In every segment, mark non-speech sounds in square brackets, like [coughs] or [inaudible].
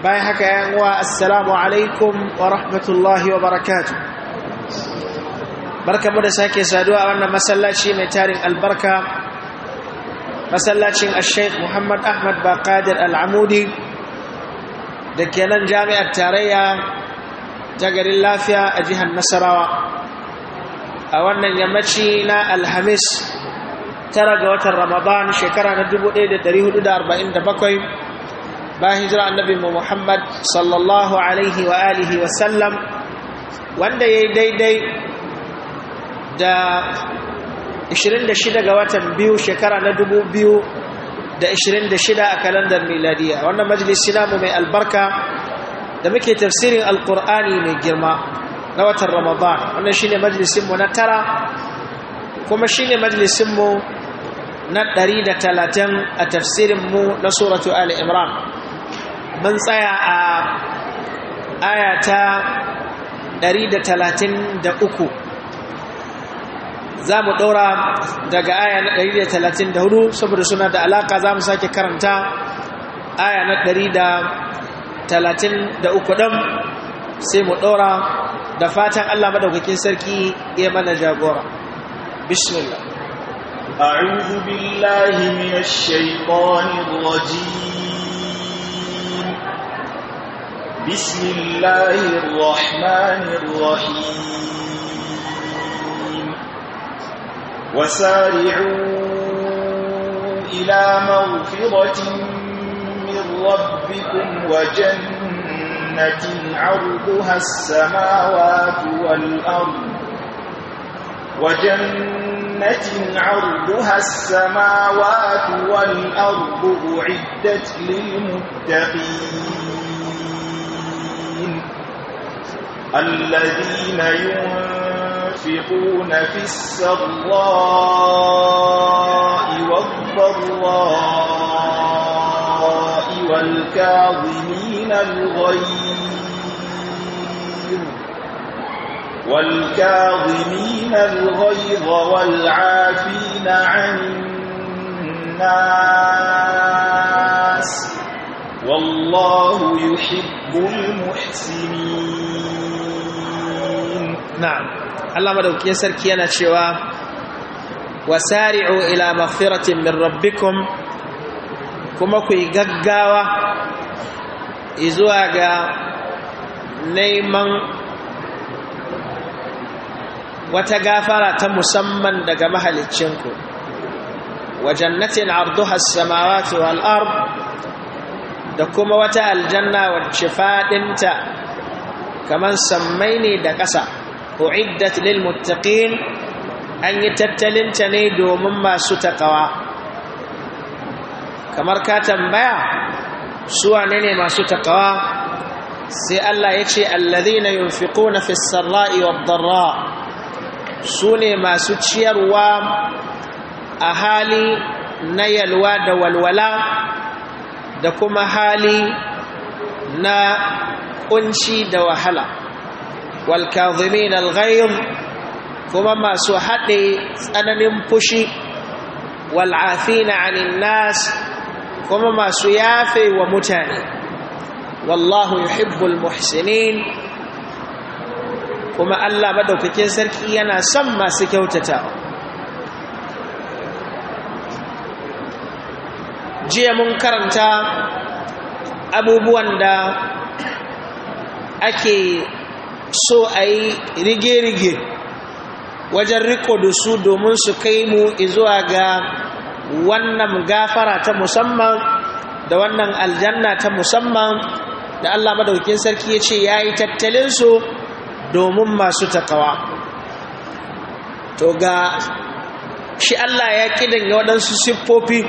bayan haka yan assalamu alaikum wa rahmatullahi wa barakatu barkamu da sake saduwa a wannan masallaci mai tarin albarka masallacin al-sheikh muhammad ahmad baqadir al-amudi da ke nan jami'ar tarayya ta garin lafiya a jihar nasarawa a wannan yammaci na alhamis tara ga watan ramadan shekara na 1447 bayan hijira annabi Muhammad sallallahu alaihi wa alihi wa sallam wanda yayi daidai da 26 ga watan biyu shekara na 2026 a kalandar miladiya wannan majalisi namu mai albarka da muke tafsirin alkur'ani mai girma na watan ramadan wannan shine majalisinmu na tara kuma shine majalisinmu na 130 a tafsirinmu na suratu ali imran mun tsaya a ayata 133 za mu ɗora daga aya na 134 saboda suna da alaƙa za mu sake karanta aya na 133 ɗin sai mu ɗora da fatan allah madaukakin sarki ya mana jagora bismillah أعوذ بالله من الشيطان الرجيم بسم الله الرحمن الرحيم وسارعوا إلى مغفرة من ربكم وجنة عرضها السماوات والأرض وجنة جنة عرضها السماوات والأرض أعدت للمتقين الذين ينفقون في السراء والضراء والكاظمين الغيظ والكاظمين الغيظ والعافين عن الناس والله يحب المحسنين نعم الله مدوك يسر كيانا شوا وسارعوا إلى مغفرة من ربكم كما كي ققاوة إزواغا نيمان wata gafara ta musamman daga mahalicinku wajen natin arduha samawatu samawati wal da kuma wata aljanna wacce fadinta kaman sammai ne da ƙasa uiddat lil muttaqin an yi tattalinta ne domin masu taqwa kamar ka tambaya su ne ne masu taqwa sai Allah ya ce allazina yunfiquna fis sarra'i wad darra su ne masu ciyarwa a hali na yalwa da walwala da kuma hali na kunci da wahala walkazimin alghayr kuma masu haɗe tsananin fushi wal'afina anin nas kuma masu yafe wa mutane wallahu yuhibbul muhsinin kuma Allah madaukakin sarki yana son masu kyautata jiya mun karanta abubuwan da ake so a yi rige-rige wajen riko da su domin su kai mu zuwa ga wannan gafara ta musamman da wannan aljanna ta musamman da Allah madaukakin sarki ya ce ya yi tattalinsu domin masu takawa to ga shi Allah ya kidan waɗansu siffofi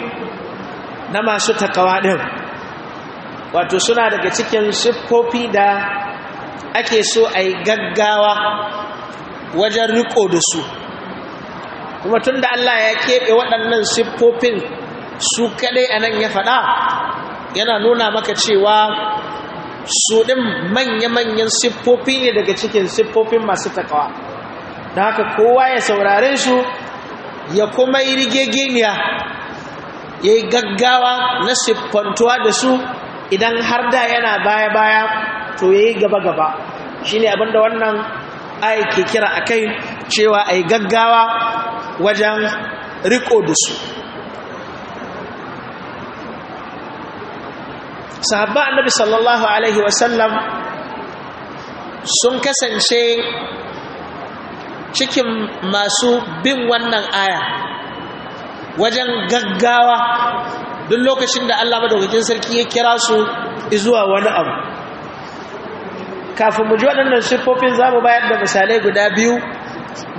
na masu takawa ɗin wato suna daga cikin siffofi da ake so a yi gaggawa wajen riko da su kuma tun da Allah ya keɓe waɗannan siffofin su kaɗai a nan ya faɗa yana nuna maka cewa su ɗin manya-manyan siffofi ne daga cikin siffofin masu takawa da haka kowa ya saurare su ya kuma yi rigegeniya ya yi gaggawa na siffantuwa da su idan har da yana baya-baya to ya yi gaba-gaba shi ne abinda wannan aiki ke kira a kai cewa a yi gaggawa wajen riko da su sahabba annabi sallallahu alaihi wasallam sun kasance cikin masu bin wannan aya wajen gaggawa duk lokacin da Allah madaukakin sarki ya kira su zuwa wani abu kafin mu ji waɗannan siffofin za mu bayar da misalai guda biyu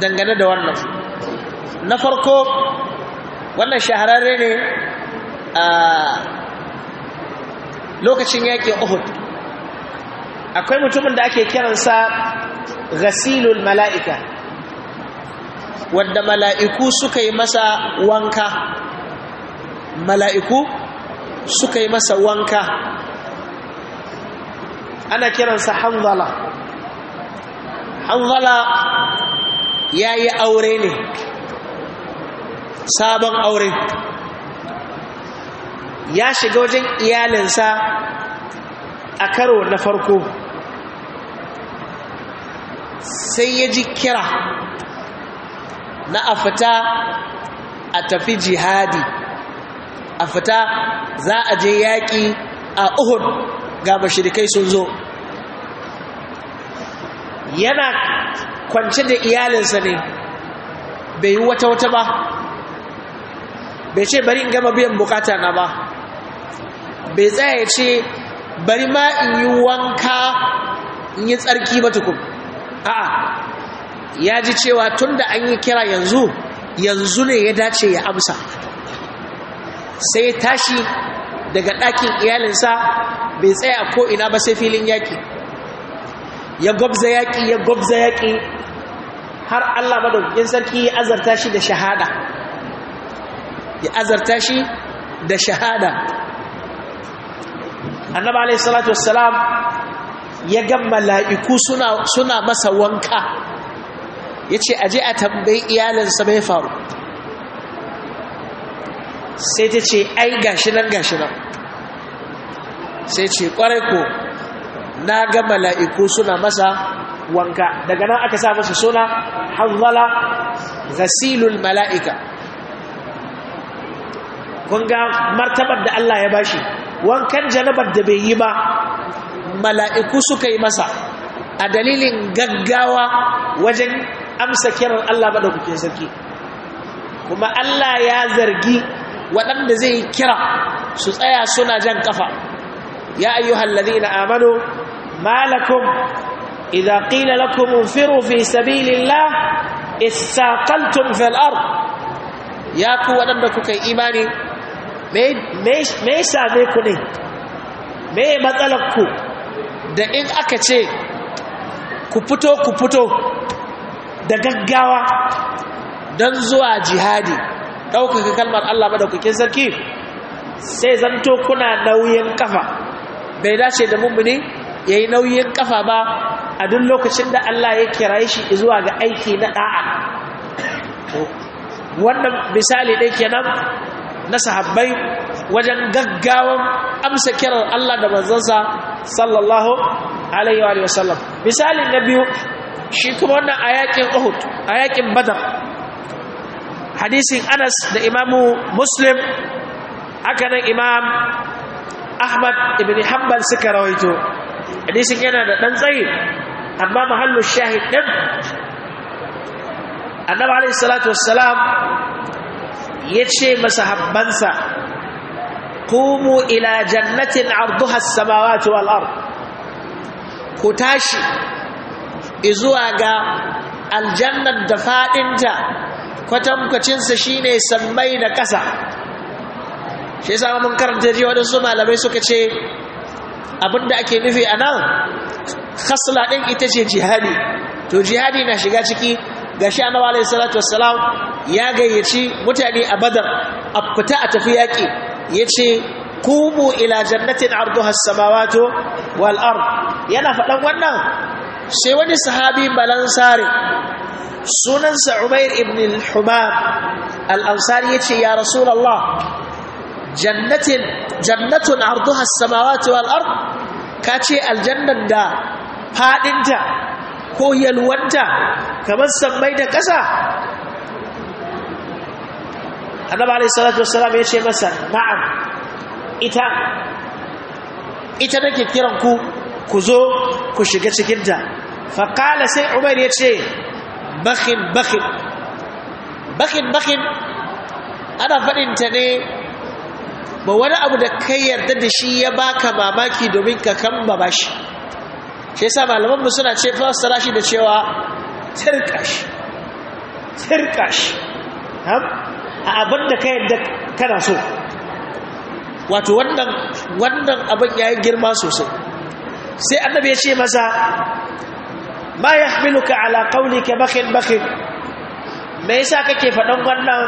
dangane da wannan na farko wannan shahararre ne a ah, lokacin yakin uhud akwai mutumin da ake kiransa ghasilul mala'ika wanda mala'iku suka yi masa wanka mala'iku suka yi masa wanka ana kiransa hanzala hanzala ya yi aure ne sabon aure ya shiga wajen iyalinsa a karo na farko sai ya ji kira na a fita a tafi jihadi a fita za a je yaƙi a uhud ga mashirikai sun zo yana kwance da iyalinsa ne bai yi wata wata ba bai ce bari in gama biyan bukata na ba bai tsaya ya ce bari ma in yi wanka in yi tsarki ba tukun a'a ya ji cewa tun da an yi kira yanzu yanzu ne ya dace ya amsa sai tashi daga ɗakin iyalinsa bai tsaya a ko'ina ba sai filin yaƙi ya gwabza yaƙi ya gwabza yaƙi har allah madaukakin sarki ya azarta shi da shahada ya azarta shi da shahada annabi alayhi salatu wassalam ya ga mala'iku suna suna masa wanka yace aje a tambayi iyalinsa bai faru sai ta ce ai gashi nan gashi nan sai ce kwarai ko na ga mala'iku suna masa wanka daga nan aka sa masa suna hanzala ghasilul mala'ika kun ga martabar da Allah ya bashi wankan janabar da bai yi ba mala'iku suka yi masa a dalilin gaggawa wajen amsa kiran Allah kuke sarki kuma Allah ya zargi waɗanda zai kira su tsaya suna jan ƙafa. ya ayyuhal ladina amanu malakun idan ƙila lakum unfiru fi sabilillah istaqaltum fil ya ku waɗanda kuka imani me ya same ku ne me matsalar ku da in aka ce ku fito ku fito da gaggawa don zuwa jihadi ɗaukaka kalmar Allah ba da madaukakin sarki sai zanto kuna nauyin kafa bai dace da mummuni ya yi nauyin kafa ba a duk lokacin da Allah ya kira shi zuwa ga aiki na ɗa'a wannan misali ɗai kenan na sahabbai wajen gaggawan amsa kiran Allah da manzansa sallallahu alaihi wa sallam Misalin na biyu shi kuma wannan a yakin Uhud a yakin Badar hadisin Anas da Imamu Muslim haka nan Imam Ahmad ibn Hanbal suka rawaito hadisin yana da dan tsayi amma mahallu shahid din annabi alaihi salatu wassalam ya ce masahabbansa kumu ila jannatin arduha samawati wal ard ku tashi izuwa ga aljannan da faɗinta kwatankwacinsa shine sammai da ƙasa shi yasa mun karanta ji waɗansu malamai suka ce abinda ake nufi a nan khasla ɗin ita ce jihadi to jihadi na shiga ciki gashi annabi alayhi salatu wassalam ya gayyaci mutane a badar a fita a tafi yaƙi yace qumu ila jannatin arduha as wal ard yana faɗan wannan sai wani sahabi balansari sunansa umair ibn al-humam al-ansari yace ya rasulullah jannatin jannatun arduha as wal ard kace aljannan da faɗinta. ko yalwanta kamar sammai da ƙasa annaba alaihissalatu wassalam ya ce masa na'am ita ita nake kiran ku ku zo ku shiga cikinta faƙala sai umar ya ce bakin bakin bakin bakin ana faɗinta ne ba wani abu da kai yarda da shi ya baka mamaki domin ka kan shi shi yasa malamanmu suna ce fassara shi da cewa tirkash tirkash a abin da ka yadda kana so wato wannan wannan abin yayin girma sosai sai annabi ya ce masa ma yahmiluka ala qawlika bakhin bakhin me yasa kake faɗan wannan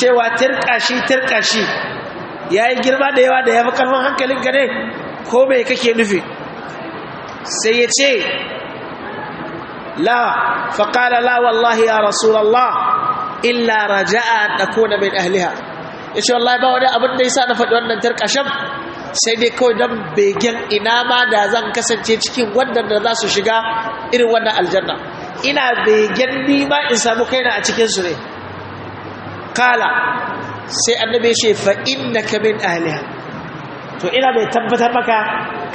cewa tirkashi tirkashi yayi girma da yawa da yafi kalman hankalin ka ne ko me kake nufi sai ya ce la faƙala la wallahi ya rasulallah illa raja'a da kona mai ahliha ya ce wallahi ba wani abin da ya sa na faɗi wannan tarkashen sai dai kawai don begen ina ma da zan kasance cikin waɗanda za su shiga irin wannan aljanna ina begen ma in samu kaina a cikinsu ne kala sai annabi ya ce fa innaka min ahliha to ina mai tabbatar maka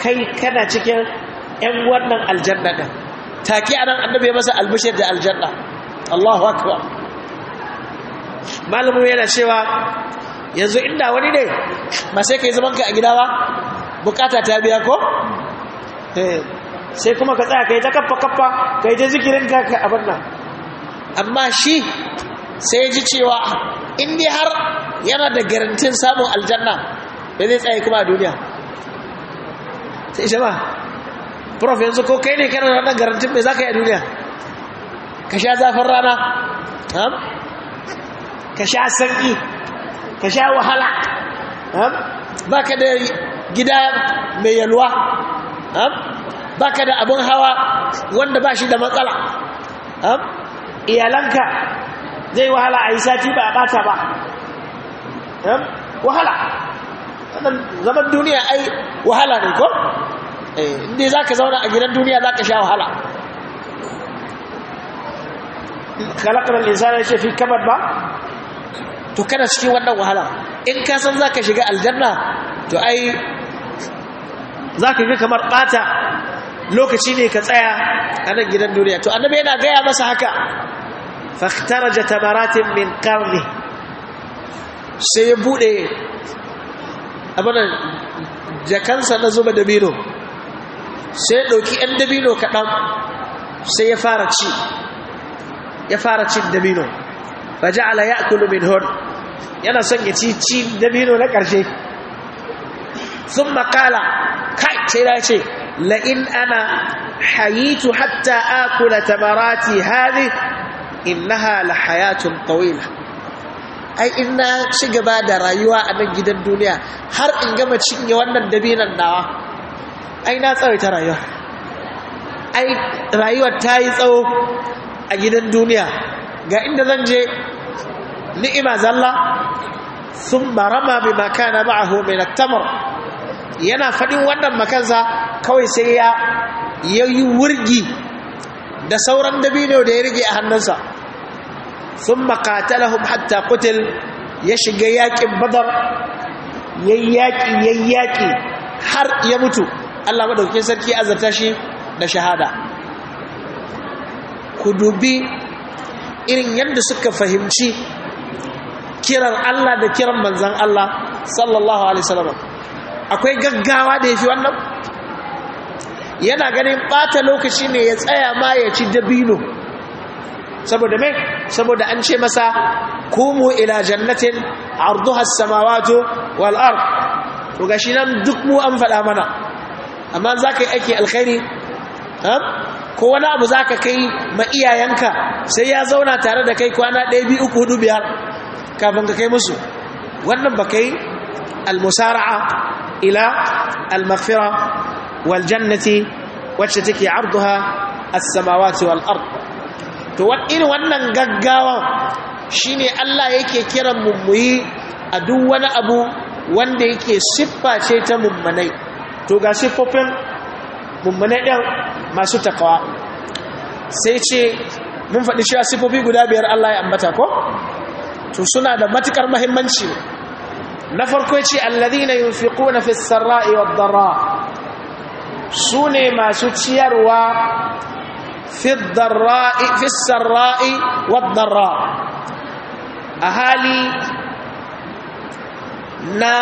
kai kana cikin 'yan wannan aljanna ɗin take a nan annabi masa albishir da aljanna allahu akbar malamu yana cewa yanzu inda wani ne ba sai ka yi zamanka a gida ba bukata ta biya ko eh, sai kuma ka tsaya ka yi ta kaffa kaffa ka yi ta zikirin ka abin nan amma shi sai ji cewa indi har yana da garantin samun aljanna da zai tsaye kuma a duniya sai shi ba prof yanzu ko kai ne kana da garantin mai za ka a duniya ka sha zafin rana ka sha sanyi ka sha wahala ba ka da gida mai yalwa ba ka da abin hawa wanda ba shi da matsala iyalanka zai wahala a yi sati ba a bata ba wahala zaman duniya ai wahala ne ko Eh, inda za ka zauna a gidan duniya za ka sha wahala kalakarar lisanar ce fi kamar ba to kana cikin wannan wahala in ka san za ka shiga aljanna to ai za ka ga kamar ɓata lokaci ne ka tsaya a nan gidan duniya to annabi yana gaya masa haka faktaraja tamaratin min karni sai ya buɗe abinan jakansa na zuba dabino sai ɗauki ‘yan dabino kaɗan sai ya fara ci ya fara cin dabino ba ja'ala ya kulu min hon yana son ya ci ci dabino na ƙarshe sun makala kai sai ya ce la'in ana hayitu hatta akula tamarati hadi innaha la hayatun tawila ai in na ci gaba da rayuwa a nan gidan duniya har in gama cinye wannan dabinan nawa ai na tsawaita rayuwa ai rayuwar ta yi tsawo a gidan duniya ga inda zan je ni'ima zalla sun marama bi makana ma'ahu na tamar, yana faɗin wannan makansa kawai sai ya yi wurgi da sauran dabino da ya rige a hannunsa sun makatalahum hatta kutil ya shiga yaƙin badar yayyaki yayyaki har ya mutu Allah madaukakin sarki azarta shi da shahada ku dubi irin yadda suka fahimci kiran Allah da kiran manzan Allah sallallahu alaihi wasallam akwai gaggawa da yafi wannan yana ganin bata lokaci ne ya tsaya ma ya ci dabino saboda me saboda an ce masa kumu ila jannatin arduha as-samawati wal ard to gashi nan duk mu an faɗa mana amma za ka yi aiki alkhairi ko wani abu za ka kai ma iyayenka sai ya zauna tare da kai kwana ɗaya biyu uku hudu biyar kafin ka kai musu wannan ba kai almusara'a ila almaghfira wal jannati wacce take arduha as-samawati wal ard to irin wannan gaggawa shine Allah yake kiran mu a duk wani abu wanda yake siffa ce ta mummanai. to ga siffofin mummunai masu takawa sai ce mun faɗi shi a siffofi guda biyar Allah ya ambata ko to suna da matukar mahimmanci na farko ce na yunfiquna fi sarra'i wad dharra su ne masu ciyarwa fi dharra'i a hali na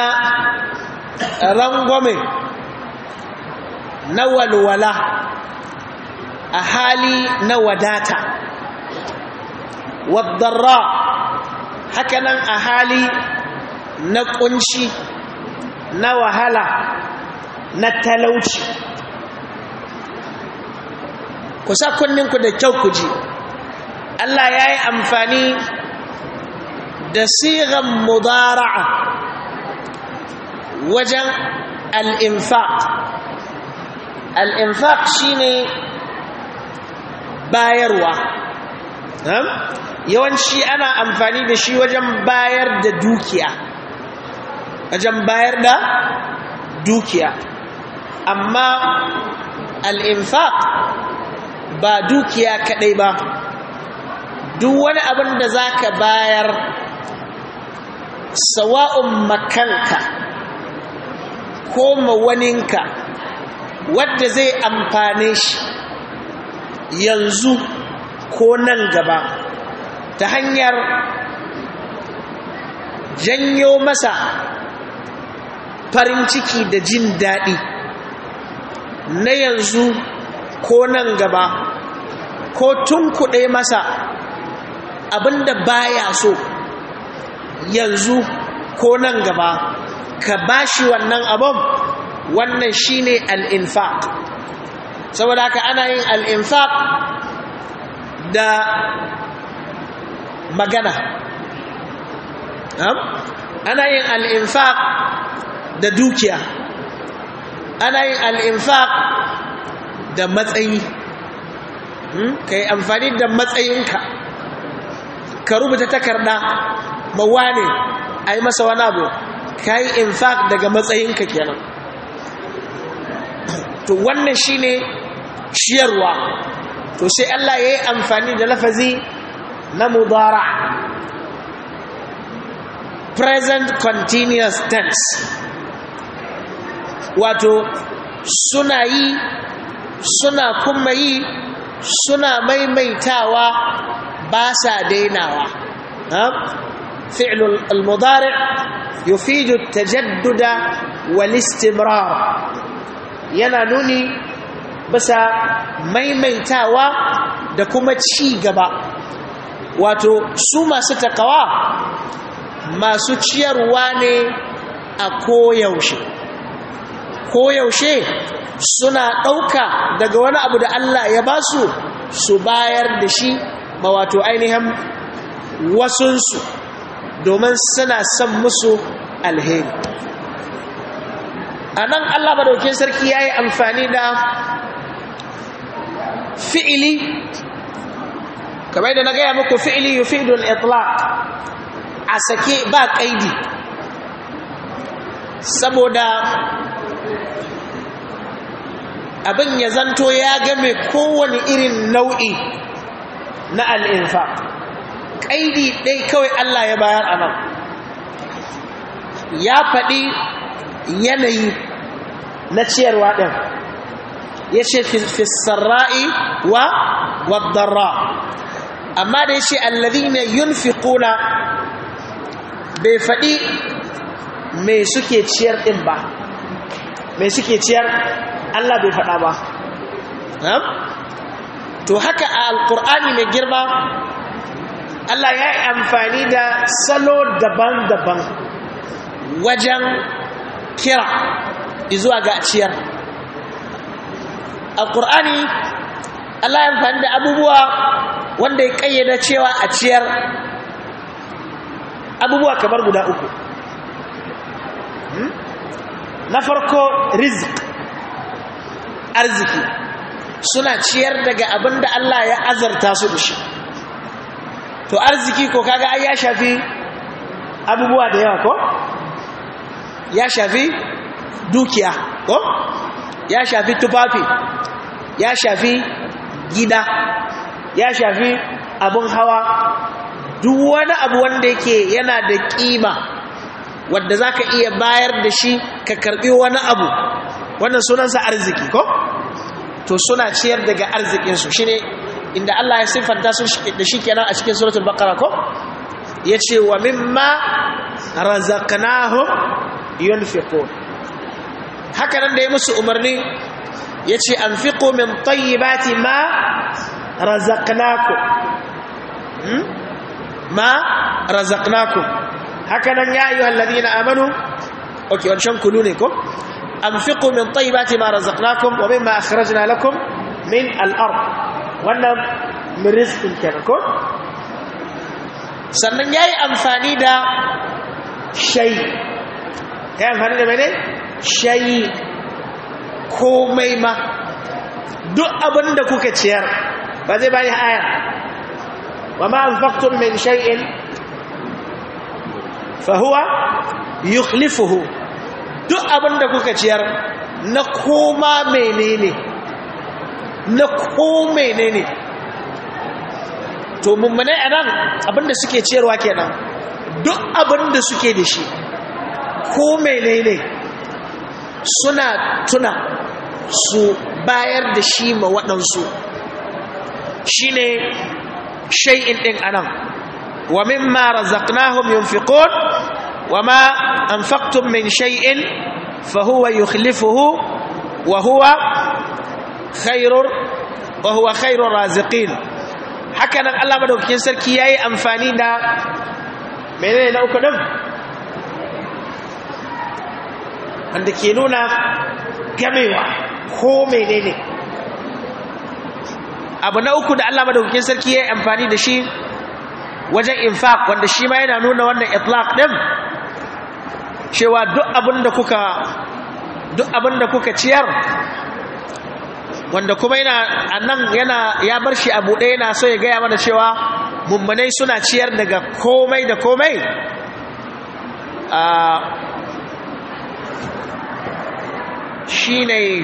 rangwame na walwala a hali na wadata waddarra hakanan a hali na kunshi na wahala na talauci ku sa kunninku da kyau ku ji Allah ya yi amfani da siran mudara'a wajen al'imfa. al'infaq shi ne bayarwa yawanci ana amfani da shi wajen bayar da dukiya wajen bayar da dukiya amma al'infaq ba dukiya kaɗai ba duk wani abin da za ka bayar sawa'un makanka ko mawaninka wadda zai amfane shi yanzu ko nan gaba ta hanyar janyo masa farin ciki da jin daɗi na yanzu ko nan gaba ko tun kuɗe masa abinda baya so yanzu ko nan gaba ka bashi wannan abin wannan shine al-infaq saboda haka ana yin al-infaq da magana ana yin al-infaq da dukiya ana yin al-infaq da matsayi hmm? kai amfani da matsayinka ka rubuta takarda mawane yi masa wani abu ka yi infaq daga matsayinka kenan to wannan shine shiyarwa? to sai Allah ya yi amfani da lafazi na mudara present continuous tense wato suna yi suna kuma yi suna maimaitawa ba sa dainawa fi'lul mudari yufidu tajadduda wal istimrar yana nuni bisa maimaitawa da kuma ci gaba wato su masu takawa masu ciyarwa ne a koyaushe koyaushe suna ɗauka daga wani abu da Allah ya ba su su bayar da shi ma wato ainihin wasunsu domin suna son musu alheri a nan allah madaukin sarki ya yi amfani da fi'ili kamar da na gaya muku fi'ili yufidul itlaq a sake ba kaidi saboda abin ya zanto ya game kowane irin nau'i na al'infa kaidi ɗai kawai Allah ya bayar a nan ya faɗi yanayi na ciyarwa ɗin ya ce fisarra'i wa wadarra amma da ya ce allazina yunfiquna bai faɗi mai suke ciyar ɗin ba mai suke ciyar Allah bai faɗa ba to haka a alkur'ani mai girma Allah ya yi amfani da salo daban-daban wajen kira izuwa ga ciyar alƙur'ani Allah ya fahimta da abubuwa wanda ya ƙayyada cewa a ciyar abubuwa kamar guda uku hmm? na farko rizik arziki suna ciyar daga abin da Allah ya azarta su da shi to arziki ko kaga ai ya shafi abubuwa da yawa ko ya shafi dukiya ko ya shafi tufafi ya shafi gida ya shafi abin hawa duk wani abu wanda yake yana da kima wanda zaka iya bayar da shi ka karbi wani abu wannan sunansa arziki ko to suna ciyar daga arzikinsu shine inda Allah ya sifanta su da shi kenan a cikin suratul baqara ko yace wa mimma razaqnahum yunfiqun haka nan da ya musu umarni ya ce an fi komin tayyibati ma razaknaku hmm? ma razaknaku haka nan ya yi hallabi na amanu ok wancan kulu ne ko an fi komin tayyibati ma razaknakum wa min ma akhrajna lakum min al'ar wannan miriskin kenan ko sannan ya yi amfani da shai ya yi amfani da mene shayi komai ma duk abin da kuka ciyar ba zai bayan aya wa ma'an faktun min shay'in fahuwa yukhlifuhu duk abin da kuka ciyar na koma menene na ko menene to mummune a nan abinda suke ciyarwa kenan duk abinda suke da shi ko menene suna tuna su bayar da shi ma waɗansu shi ne shai'in ɗin anan wa mimma razaqnahum yunfiqun wa ma anfaqtum min shay'in fa huwa yukhlifuhu wa huwa khairur wa huwa khairur raziqin hakanan Allah madaukakin sarki yayi amfani da menene na uku din wanda ke nuna gamewa ko menene abu na uku da Allah madaukakin sarki ya amfani da shi wajen infaq wanda shi ma yana nuna wannan itlaq din cewa duk abin da kuka duk abin da kuka ciyar wanda kuma yana annan yana ya bar shi abu ɗaya yana so ya gaya mana cewa mummunai suna ciyar daga komai da komai ah, shi ne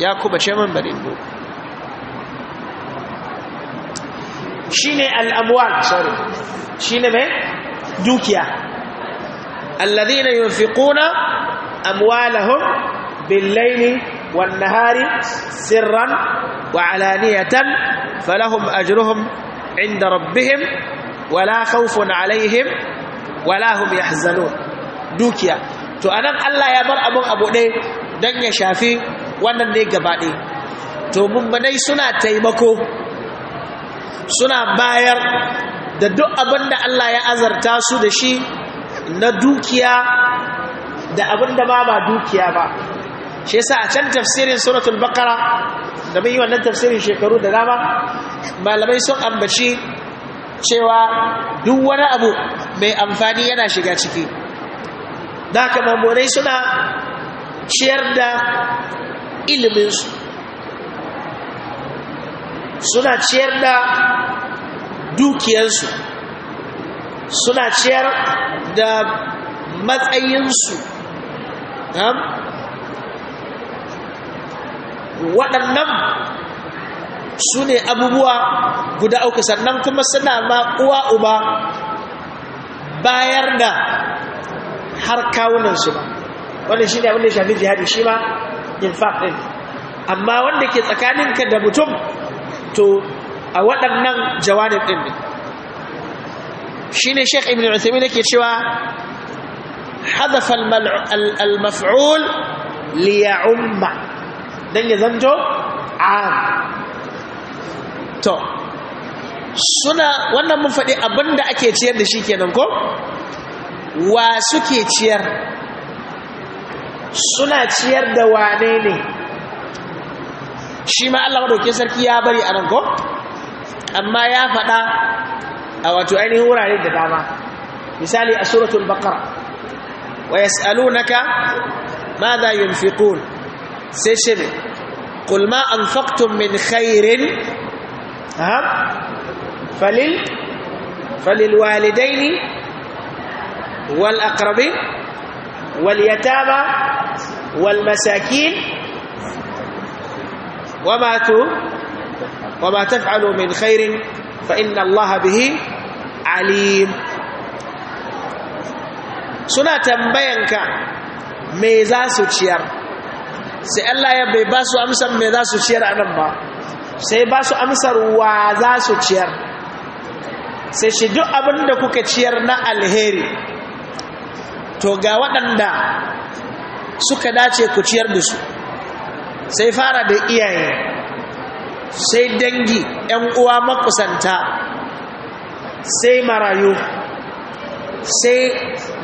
ya kubace man bare ko shi ne al'amwal sorry shi ne mai dukiya alladhina yunfiquna amwalahum bil-laili wan-nahari sirran wa alaniyatan falahum ajruhum 'inda rabbihim wala khawfun 'alayhim wala hum yahzanun dukiya to anan Allah ya bar abun abu ɗaya don ya shafi wannan ne gaba to mummunai suna taimako suna bayar da duk abin da Allah ya azarta su da shi na dukiya da abin da ma ba dukiya ba shi yasa a can tafsirin suratul Bakara da mun yi wannan tafsirin shekaru da dama malamai sun ambaci cewa duk wani abu mai amfani yana shiga ciki da haka suna ciyar da iliminsu suna ciyar da dukiyarsu suna ciyar da matsayinsu waɗannan su ne abubuwa guda uku sannan kuma suna ma uwa uba bayar da har kawunansu ba wannan shi ne abin da ya shafi jihadi shi ma infaq ɗin amma wanda ke tsakaninka da mutum to a waɗannan jawanin ɗin ne shi ne sheikh ibn ne yake cewa hadafa al-maf'ul li ya'umma dan ya zanto am to suna wannan mun faɗi abinda ake ciyar da shi kenan ko wa suke ciyar suna ciyar da wane ne shi ma Allah madauke sarki ya bari a nan ko amma ya faɗa a wato ainihin wurare da dama misali a suratul baqara wa yas'alunaka madha yunfiqun sai shi ne qul ma anfaqtum min khairin falil falil walidaini والأقربين واليتامى والمساكين وما وما تفعلوا من خير فإن الله به alim suna tambayanka me za su ciyar sai Allah ya bai ba su amsar me za su ciyar anan ba sai ba su amsar wa za su ciyar sai shi duk abin da kuka ciyar na alheri to ga waɗanda suka dace ku ciyar da su sai fara da iyaye sai dangi ‘yan uwa makusanta sai marayu sai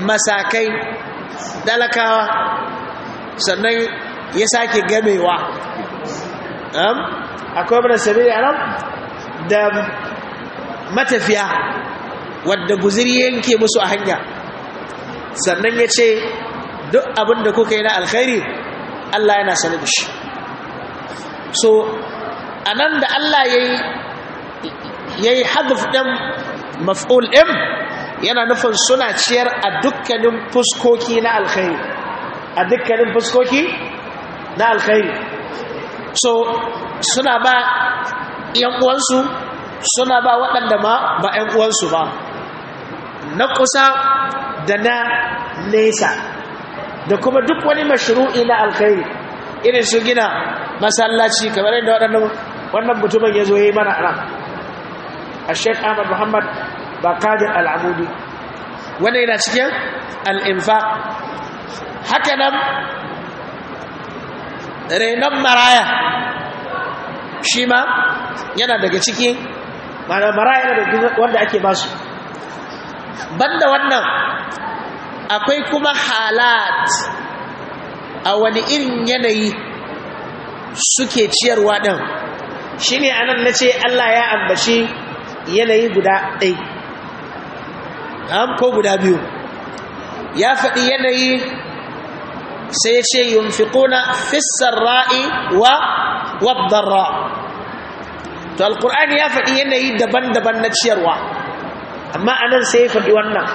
masakai dalakawa sannan ya sake gamewa akwai mana sabiri a da matafiya wadda guziri yanke musu a hanya sannan ya ce duk abin da kuka yi na alkhairi Allah yana sani da shi so a nan da Allah ya yi hadif ɗin maf'ul ɗin yana nufin suna ciyar a dukkanin fuskoki na alkhairi a dukkanin fuskoki na alkhairi so suna ba ‘yan uwansu suna ba waɗanda ma ba ‘yan uwansu ba na kusa da na nesa da kuma duk wani mashru'i na alkhairi irin su gina masallaci kamar yadda waɗannan wannan mutumin ya zo ya yi mana a a sheikh ahmad muhammad bakadir al'amudi wanda yana cikin al'infa haka nan renon maraya shi ma yana daga cikin maraya wanda ake basu banda wannan akwai kuma halat a wani irin yanayi suke ciyarwa ɗin shi ne a nan na ce Allah ya ambaci yanayi guda ɗai ko guda biyu ya faɗi yanayi sai ya ce fiƙuna fissar ra'i wa wadda to alkur'ani ya faɗi yanayi daban-daban na ciyarwa amma anan sai ya faɗi wannan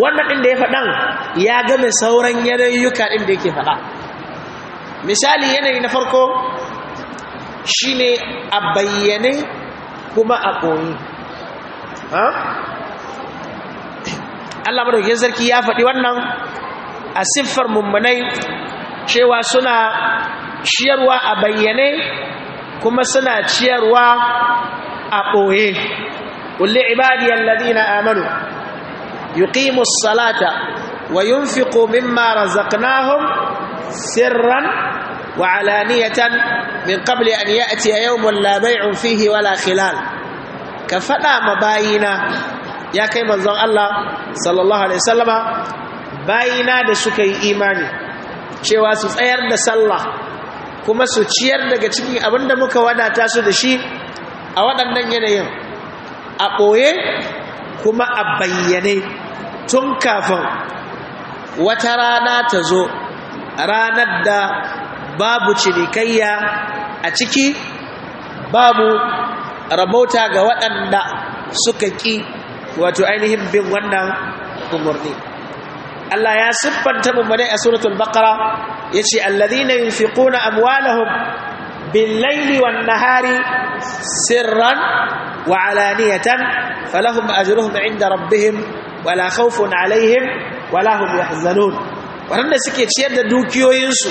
wannan ɗin da ya faɗan ya game sauran yanayuka ɗin da yake faɗa misali yanayi na farko shine a bayyane kuma a ɓoye Allah madaukakin sarki ya faɗi wannan a siffar mummunai cewa suna ciyarwa a bayyane kuma suna ciyarwa a ɓoye قل لعبادي الذين آمنوا يقيموا الصلاة وينفقوا مما رزقناهم سرا وعلانية من قبل أن يأتي يوم لا بيع فيه ولا خلال كفنا مباينا يا كيما زن الله صلى الله عليه وسلم باينا دسكي إيماني yi imani cewa su tsayar da sallah kuma su ciyar daga cikin abin da muka wadata su da shi a waɗannan yanayin a ɓoye kuma a bayyane tun kafin wata rana ta zo ranar da babu cinikayya a ciki babu rabauta ga waɗanda suka ƙi wato ainihin bin wannan umarni Allah ya siffanta mu a suratul baqara yace alladhina yunfiquna amwalahum بالليل والنهار سرا وعلانية فلهم أجرهم عند ربهم ولا خوف عليهم ولا هم يحزنون ورنا سكي تشيد دوكيو ينسو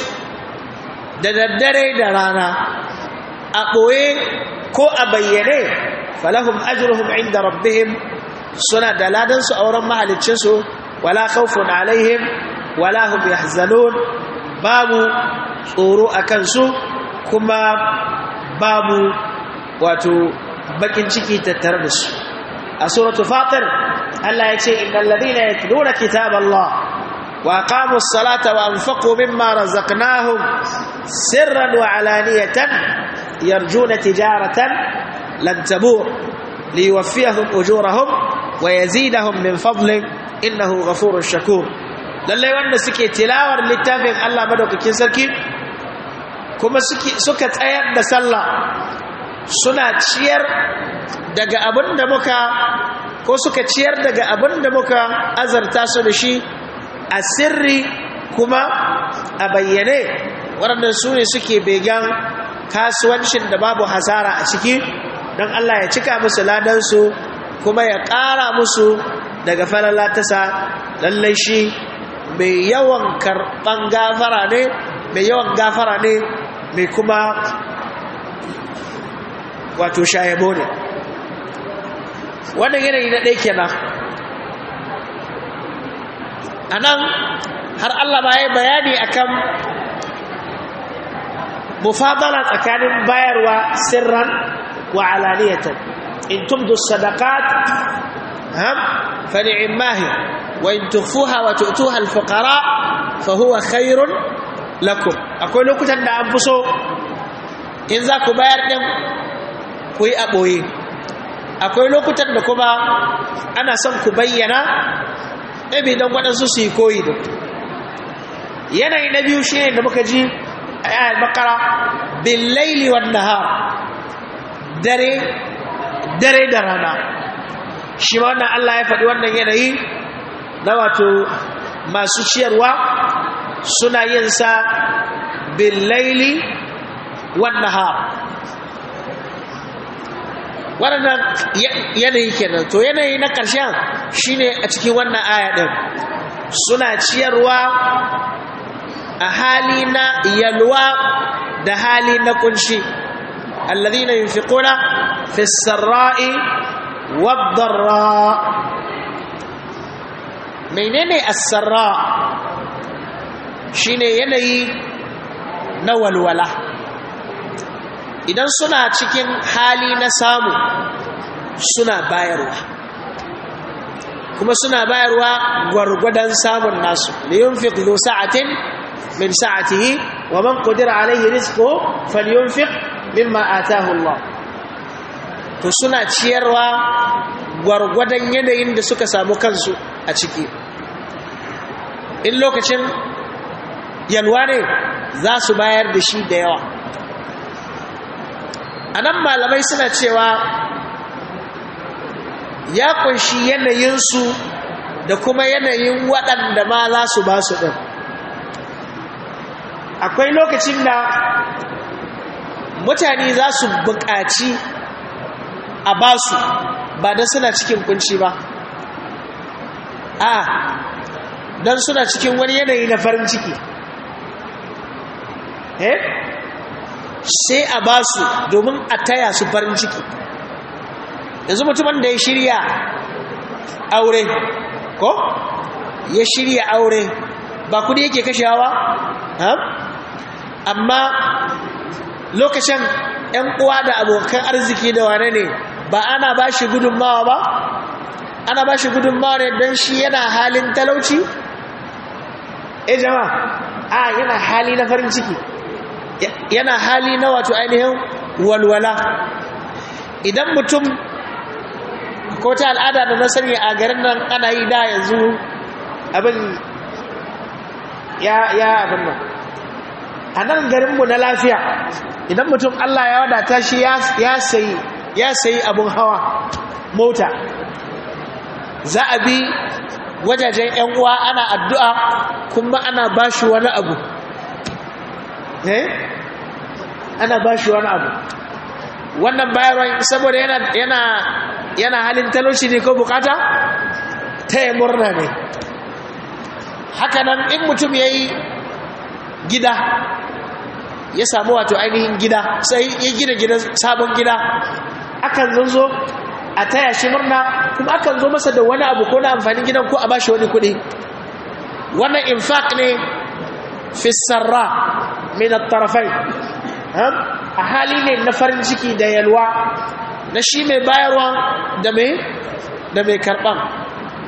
ددري درانا أقوي كو أبيني فلهم أجرهم عند ربهم سنة دلادنس أو رمى لتشسو ولا خوف عليهم ولا هم يحزنون بابو صورو أكنسو kuma babu wato bakin ciki tattare da su a suratul fatir Allah ya ce innal ladina yatluna kitaballah wa aqamus salata wa anfaqu mimma razaqnahum sirran wa alaniyatan yarjuna tijaratan lan tabur liwaffiyahum ujurahum wa yazidahum min fadlin innahu ghafurur shakur lalle wanda suke tilawar littafin Allah madaukakin sarki kuma suka tsayar da sallah suna ciyar daga abin da muka ko suka ciyar daga abin da muka azarta su da shi a sirri kuma a bayyane waɗannan su ne suke begen kasuwancin da babu hasara a ciki don Allah ya cika musu ladansu kuma ya ƙara musu daga falala tasa lallai shi mai yawan karɓan gafara ne mai yawan gafara ne mikuba watu wato shayabo ne wannan yanayi na ɗaya kenan a har allah ba ya bayani akan mufadala tsakanin bayarwa sirran wa alaniyatan in tumdu sadaqat ham fa ni'mahi wa in tukhfuha wa tu'tuha al-fuqara fa huwa khairun lakum akwai lokutan da an fi so in za ku bayar ɗin ku yi a ɓoye akwai lokutan da kuma ana son ku bayyana ɗabi don waɗansu su yi koyi da yanayi na biyu shi ne da muka ji a yayin makara bin laili wanda ha dare dare da rana shi wannan allah ya faɗi wannan yanayi na wato masu ciyarwa suna yin sa billaili wannan yanayi kenan to yanayi na ƙarshen shine a cikin wannan aya ɗin suna ciyarwa a hali na yalwa da hali na kunshi alladhina yunfiquna fi sarra'i wad menene as-sarra' shine yanayi na walwala idan suna cikin hali na samu suna bayarwa kuma suna bayarwa gwargwadon samun nasu fi ƙudu sa'atin min sa'atihi wa man qadira alayhi faliyun fi min ma'ata Allah to suna ciyarwa gwargwadon yanayin da suka samu kansu a ciki in lokacin yalwa ne za su bayar da shi da yawa a nan malamai suna cewa ya kunshi yanayinsu da kuma yanayin waɗanda ma za su ba su ɗin akwai lokacin da mutane za su buƙaci a ba su ba don suna cikin kunci ba a don suna cikin wani yanayi na farin ciki Eh? sai a ba su domin a taya su farin ciki yanzu mutumin da ya shirya aure ko ya shirya aure ba kudi yake kashewa amma lokacin 'yan uwa da abokan arziki da wane ne ba ana ba shi gudunmawa ba ana ba shi gudunmawa ne don shi yana halin talauci e a yana hali na farin ciki yana hali na wato ainihin walwala idan mutum ko ta al'ada da na sani a garin nan ana yi da yanzu abin ya abin nan a nan garinmu na lafiya idan mutum allah ya wadata shi ya sayi abin hawa mota za a bi wajajen 'yan uwa ana addu'a kuma ana bashi wani abu eh? ana ba shi wani abu wannan bayarwa saboda yana halin talauci ne ko bukata taya murna ne hakanan in mutum ya yi gida ya samu wato ainihin gida sai ya gina gida sabon gida akan zanzo a taya shi murna kuma akan zo masa da wani abu ko na amfanin gidan ko a ba shi wani kuɗi wannan infaq ne fi sarra min at a hali ne na farin ciki da yalwa na shi mai bayarwa da mai karɓan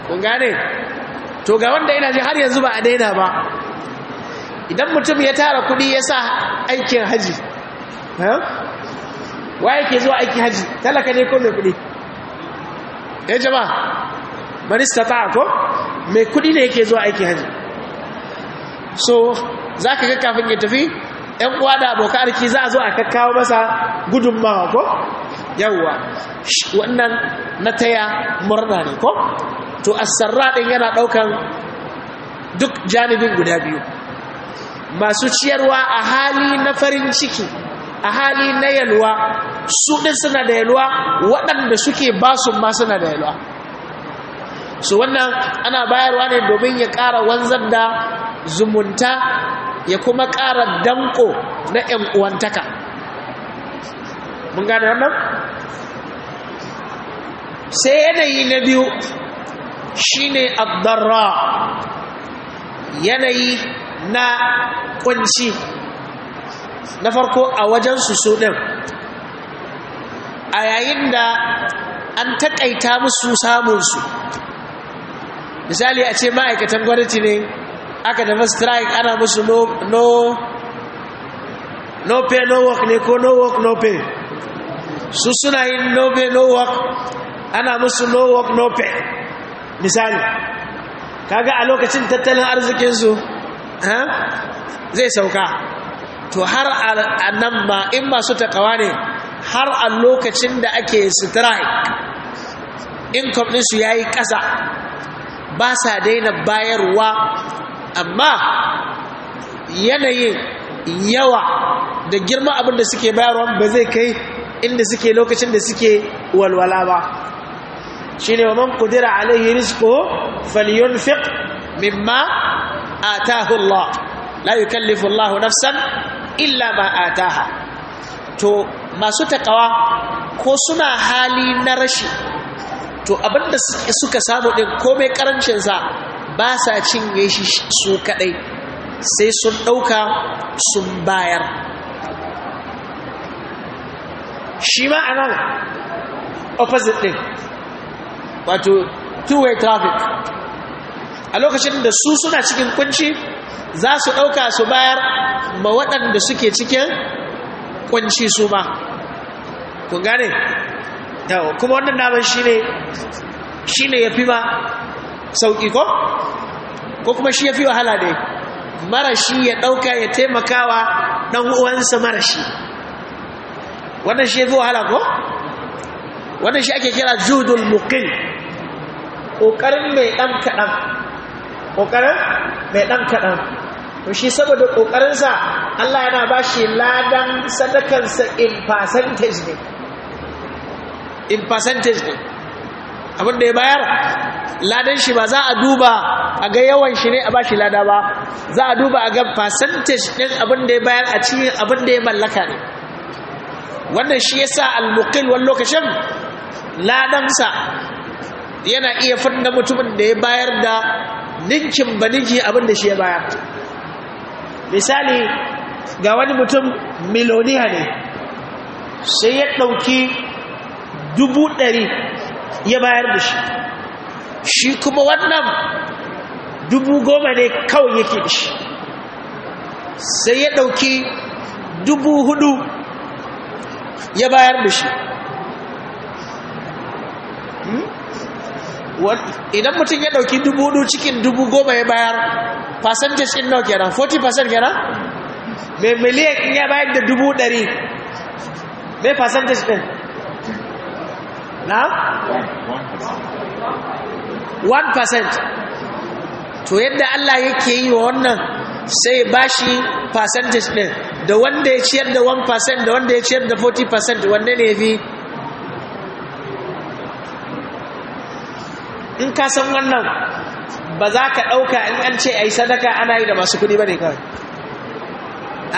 kun gane to ga wanda ina ji har yanzu ba a daina ba idan mutum ya tara kuɗi ya sa aikin haji waye ke zuwa aikin haji talaka ne ko mai kuɗi ya eh, jama barista ta ko mai kuɗi ne yake zuwa aikin haji so za ka ga kafin ya tafi ‘yan uwa da abokan arki za a zo a kakkawo masa gudunmawa ko? yawwa wannan na taya murna ne ko? to asarra ɗin yana ɗaukan duk janibin guda biyu masu ciyarwa a hali na farin ciki a hali na yalwa su ɗin suna da yalwa waɗanda suke basu ma suna da yalwa su wannan ana bayarwa ne domin ya ƙara wanzar da zumunta ya kuma ƙara danko na ‘yan uwantaka mun gane wannan sai yanayi na biyu shine addarra yanayi na kunci na farko a wajen su ɗin a yayin da an taƙaita musu samunsu misali a ce ma'aikatan gwamnati ne aka tafi strike ana musu no no no pay no work ne ko no work no pay su suna yin no pay no work ana musu no work no pay misali kaga a lokacin tattalin arzikinsu zai sauka to har a nan ma in masu takawa ne har a lokacin da ake strike income ɗinsu ya yi kasa, ba sa daina bayarwa amma yanayin yawa da girma abinda suke bayarwa ba zai kai inda suke lokacin da suke walwala ba shi ne wa man kudira alaihi faliyon fiq mimma a Allah la yukallifu nafsan illa ma taha. to masu takawa ko suna hali na rashi to abinda suka samu din komai karancinsa ba sa cinye shi su kadai sai sun ɗauka sun bayar shi ma anan opposite ɗin wato two-way traffic a lokacin da su suna cikin kunci za su ɗauka su bayar ma waɗanda suke cikin kunci su ma Ku gane kuma wannan naman shi ne ya fi ma sauki ko ko kuma shi ya fi wahala ne marashi ya dauka ya taimakawa dan uwansa marashi wannan shi ya fi wahala ko wannan shi ake kira judul muqil kokarin mai dan kadan kokarin mai dan kadan to shi saboda ƙoƙarinsa Allah yana bashi ladan sadakansa in percentage ne in percentage ne abin da ya bayar ladan shi ba za a duba a ga yawan shi ne a bashi lada ba za a duba a ga percentage ɗin abin da ya bayar a cikin abin da ya mallaka ne wannan shi yasa al-muqil wani lokacin ladansa yana iya fanda mutumin da ya bayar da ninkin baniji abin da shi ya bayar misali ga wani mutum miloniya ne sai ya ɗauki dubu ɗari ya bayar da shi shi kuma wannan dubu goma ne kawai yake da shi sai ya ɗauki dubu hudu ya bayar da shi hmm? idan mutum ya ɗauki dubu hudu cikin dubu goma ya bayar percentage ɗin nau kenan 40% kenan mai miliyan ya bayar da dubu ɗari mai percentage ɗin Now? 1% to yadda Allah yake yi wa wannan sai ba shi percentage ɗin da wanda ya ciyar da 1% da wanda ya ciyar da 40% wanne ne fi in ka san wannan ba za ka ɗauka in an ce a yi sadaka ana yi da masu kuɗi ba ne kawai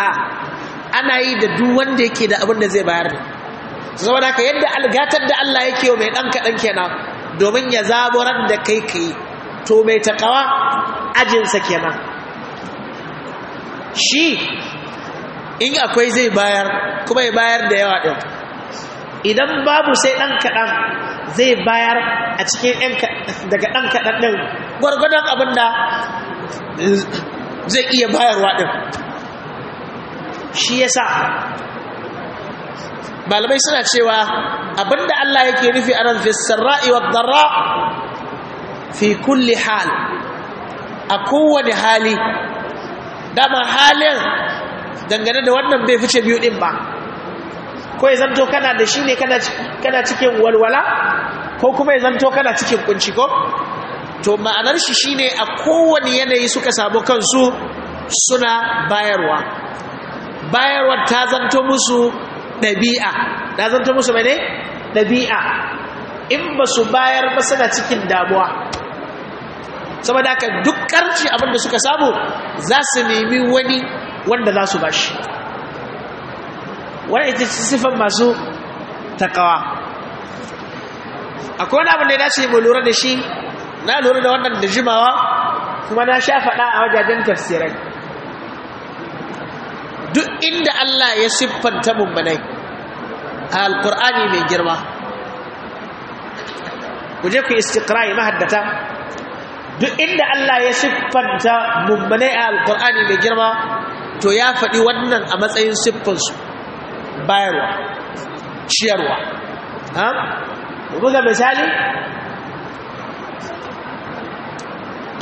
a ana yi da duk wanda yake da abin da zai bayar ne saboda ka yadda algatar da Allah yake wa mai ɗan kaɗan kenan domin ya zaburar da kai kai to mai taƙawa ajinsa kenan shi in akwai zai bayar kuma ya bayar da yawa ɗin idan babu sai ɗan kaɗan zai bayar a cikin daga ɗan kaɗan ɗin gwargwadon abin da zai iya bayarwa ɗin shi yasa malamai suna cewa abinda Allah yake nufi a nan fi wa darra fi kulli hal a kowane hali dama halin dangane da wannan bai fice biyu din ba ko ya zanto kana da shi ne kana cikin walwala ko kuma ya zanto kana cikin kunci ko to ma'anar shi shine a kowane yanayi suka samu kansu suna bayarwa bayarwar ta zanto musu ɗabi'a na zanta musu mai ne ɗabi'a in ba su bayar ba suna cikin damuwa saboda haka duk ƙarci abinda suka samu za su nemi wani wanda za su bashi wani ita sifan masu takawa akwai wani abin da ya dace mu lura da shi na lura da wannan da jimawa kuma na sha faɗa a wajajen tafsirai inda Allah ya siffanta mummunai a alkur'ani mai girma ku je ku istiqra'i mahaddata duk inda Allah ya siffanta mummunai a alkur'ani mai girma to ya faɗi wannan a matsayin siffinsu bayarwa ciyarwa ha? buga misali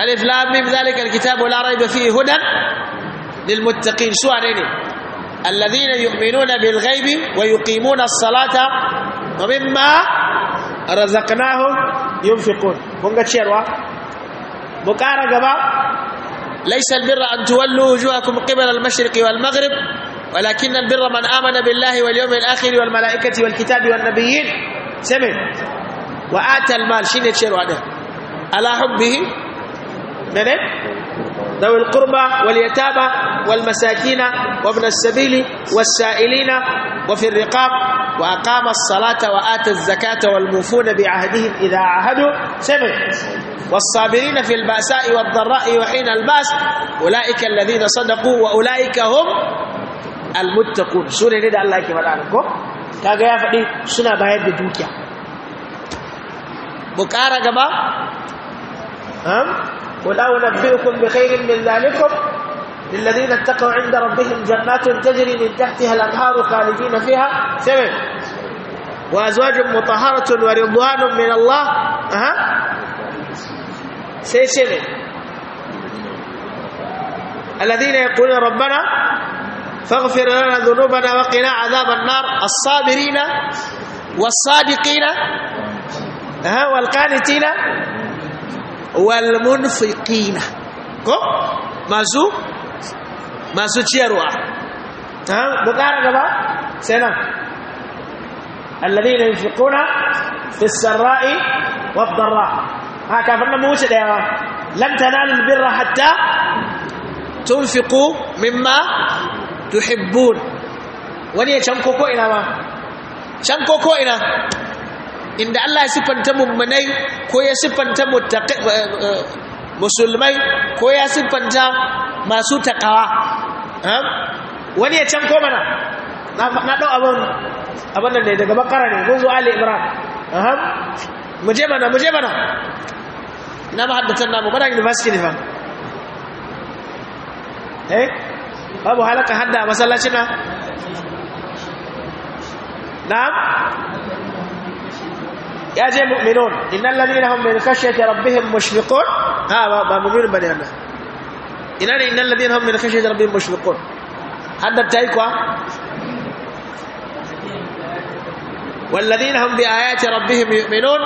alif lamim zalikar kitabu larai ba fi hudan للمتقين سوى نيني الذين يؤمنون بالغيب ويقيمون الصلاة ومما رزقناهم ينفقون كونغا تشيروا بكارا غبا ليس البر أن تولوا وجوهكم قبل المشرق والمغرب ولكن البر من آمن بالله واليوم الآخر والملائكة والكتاب والنبيين سمع وآتى المال شنو تشيروا على حبه من نعم. ذوي القربى واليتامى والمساكين وابن السبيل والسائلين وفي الرقاب وأقام الصلاة وآتى الزكاة والموفون بعهدهم إذا عهدوا سبع والصابرين في البأساء والضراء وحين الباس أولئك الذين صدقوا وأولئك هم المتقون سورة ندى الله كما لعنكم كاقا يفعلي سنة بايد دوكيا بكارة قبا ها قل أنبئكم بخير من ذلكم للذين اتقوا عند ربهم جنات تجري من تحتها الأنهار خالدين فيها سبب وأزواج مطهرة ورضوان من الله أها سبب الذين يقولون ربنا فاغفر لنا ذنوبنا وقنا عذاب النار الصابرين والصادقين والقانتين والمنفقين كو مازو مازو تشيروا تمام بقرا جبا سنا الذين ينفقون في السراء والضراء ها كافرنا موش ديوا لن تنالوا البر حتى تنفقوا مما تحبون وني شنكوكو انا ما شنكوكو انا inda Allah ya siffanta mummunai ko ya siffanta eh, eh, musulmai ko ya siffanta masu takawa eh? wani ya can komana na ɗau abin abin da daga bakara ne mun zo ali imran muje mana muje mana na mahaddatan namu mana university ne fa eh babu halaka hadda a masallacin na يا زي المؤمنون إن الذين هم من خشية ربهم مشفقون ها مؤمنون بني أنا إن الذين هم من خشية ربهم مشفقون هذا بتايكوا والذين هم بآيات ربهم يؤمنون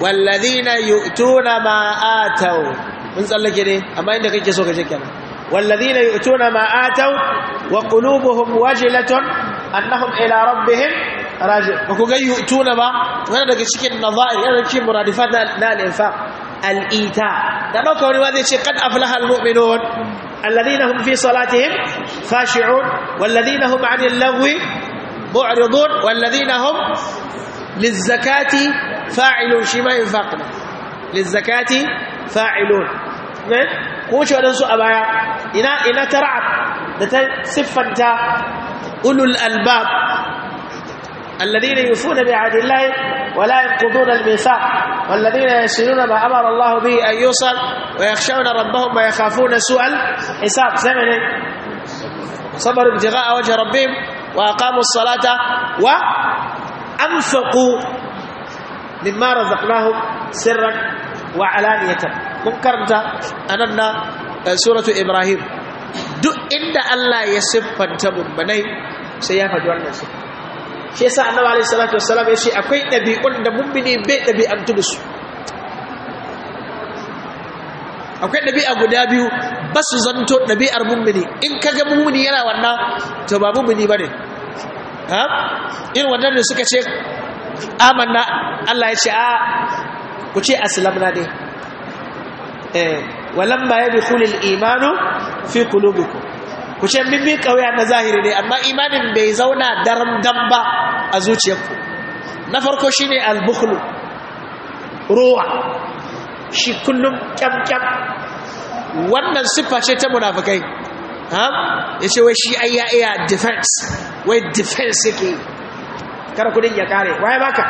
والذين يؤتون ما آتوا من صلى يعني؟ كده أما عندك يجسوك شكرا والذين يؤتون ما آتوا وقلوبهم وجلة أنهم إلى ربهم راجعون وكو يؤتون ما وانا دا شيك النظائر انا شيك مرادفات الانفاق الايتاء دابا كوني وادي شيك قد افلح المؤمنون الذين هم في صلاتهم فاشعون والذين هم عن اللغو معرضون والذين هم للزكاة فاعلون شما ينفقنا للزكاة فاعلون من؟ ko wuce waɗansu a baya ina ina tara'ab da ta siffanta ulul albab الذين يوفون بعهد الله ولا ينقضون الميثاق والذين يسيرون ما امر الله به ان يوصل ويخشون ربهم ويخافون سوء الحساب زمن صبروا ابتغاء وجه ربهم واقاموا الصلاه وانفقوا مما رزقناهم سرا وعلانيه mun karanta a nan na eh, suratu ibrahim duk inda Allah ya siffanta mummunai sai ya faɗi wannan su shi yasa annabi alaihi salatu wassalam ya ce akwai ɗabi'un da mummuni bai ɗabi'antu da su akwai ɗabi'a guda biyu ba su zanto ɗabi'ar mummuni in ka ga mummuni yana wannan to ba mummuni ba ne ha irin wannan ne suka ce amanna Allah ya ce a ku ce aslamna dai Eh, walamma yadkhulul imanu fi qulubikum ku ce min bi kauya na zahiri ne amma imanin bai zauna daram dam ba a zuciyarku na farko shine al-bukhlu ruwa shi kullum kyamkyam wannan siffa ce ta munafikai ya ce wai shi ayya iya defense wai defense yake kar kudin ya kare waye baka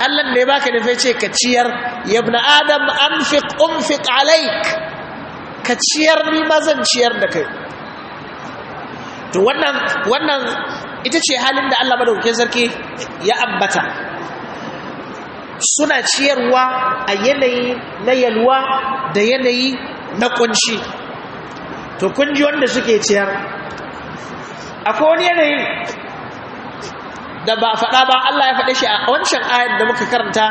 Allah ne baka da ce ka ciyar ya ibn adam fi ƙunfi alaik ka ciyar ni ma zan ciyar da kai to wannan ita ce halin da Allah madaukakin sarki ya ambata suna ciyarwa a yanayi na yalwa da yanayi na kunshi to kun ji wanda suke ciyar akwai wani yanayi. da ba faɗa ba Allah ya faɗe shi a wancan ayar da muka karanta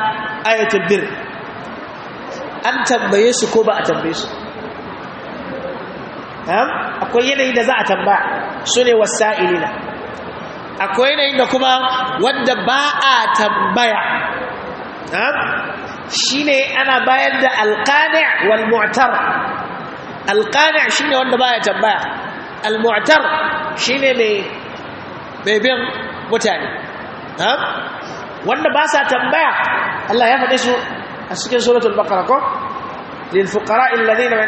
ayatul bir an tambaye su ko ba a tambaye su akwai yanayi da za a tambaya su ne wasa'ilina akwai yanayi da kuma wadda ba a tambaya shi ne ana bayar da alƙani wal mu'tar alƙani shi ne wanda ba ya tambaya al mu'tar shi ne mai bin mutane نعم وان باسا تنبيا الله يفدي سو اسكي سوره البقره كو للفقراء الذين من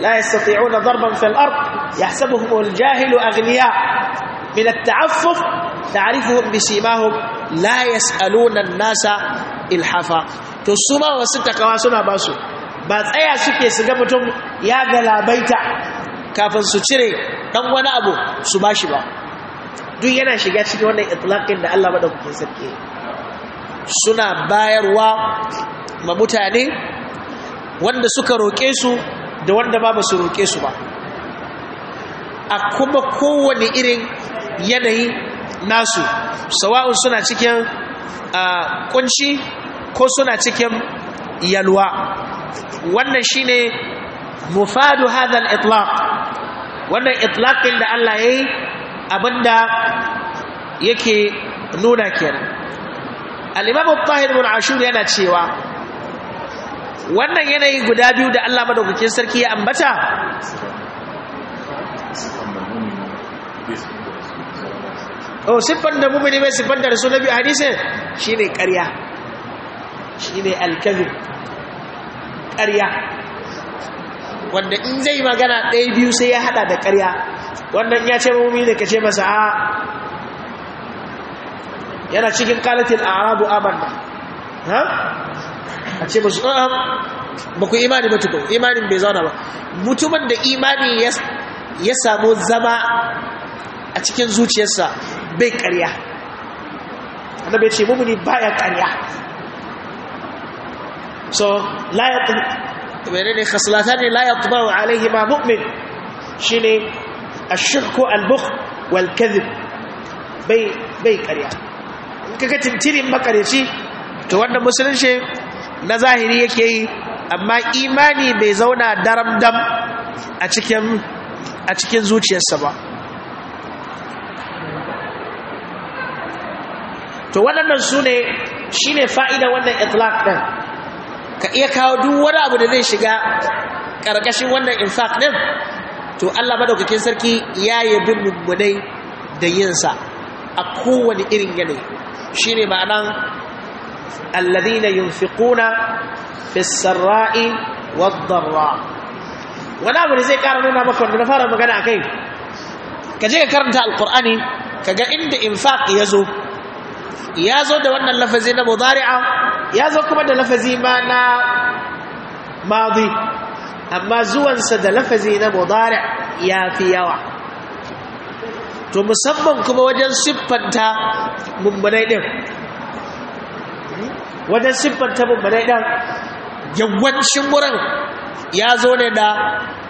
لا يستطيعون ضربا في الارض يحسبهم الجاهل اغنياء من التعفف تعرفهم بسيماهم لا يسالون الناس الحفا تسوما وستة سنا باسو بعد tsaya suke su ga mutum ya galabaita kafin su cire dan wani abu duk yana shiga cikin wannan itlaqin da Allah madaukakin sarki suna bayarwa ma mutane wanda suka roƙe su da wanda ba ba su roƙe su ba a kuma kowane irin yanayi nasu sawa'un suna cikin kunci ko suna cikin yalwa wannan shine mufadu hadha itlaq wannan itlaqin da Allah ya yi. abinda yake nuna kenan al-imamu tahir bin ashur yana cewa wannan yanayi guda biyu da Allah madaukakin sarki ya ambata oh siffar da mumini mai siffar da rasul nabi Shi shine ƙarya shine al-kadhib ƙarya wanda in zai magana ɗaya biyu sai ya hada da ƙarya wannan ya ce mummi ka ce masa a yana cikin qalatil a'rabu amanna ha a ce musu a ba ku imani ba tukun imanin bai zauna ba mutumin da imani ya samu zama a cikin zuciyarsa bai karya annabi bai ce ba baya karya so da bai menene khaslata ne ba wa alaihi ma shi ne. ashirku albukh wal kadhib bai bai kaga tintirin makareci to wannan musulunci na zahiri yake yi amma imani bai zauna daram dam a cikin a cikin zuciyarsa ba to wannan su ne fa'ida wannan itlaq ɗin ka iya kawo duk wani abu da zai shiga ƙarƙashin wannan infaq din to Allah madaukakin sarki ya yabi mummunai da yinsa a kowane irin yanayi shine ma'anan alladhina yunfiquna fis sarra'i wad darra wani abu da zai kara nuna maka wanda na fara magana kai? ka je ka karanta ka ga inda infaq yazo ya zo da wannan lafazi na mudari'a ya zo kuma da lafazi ma na madi amma zuwansa da lafazi na mudari ya fi yawa to musamman kuma wajen siffanta mummunai ɗin wajen siffanta mummunai ɗin yawancin wurin ya zo ne da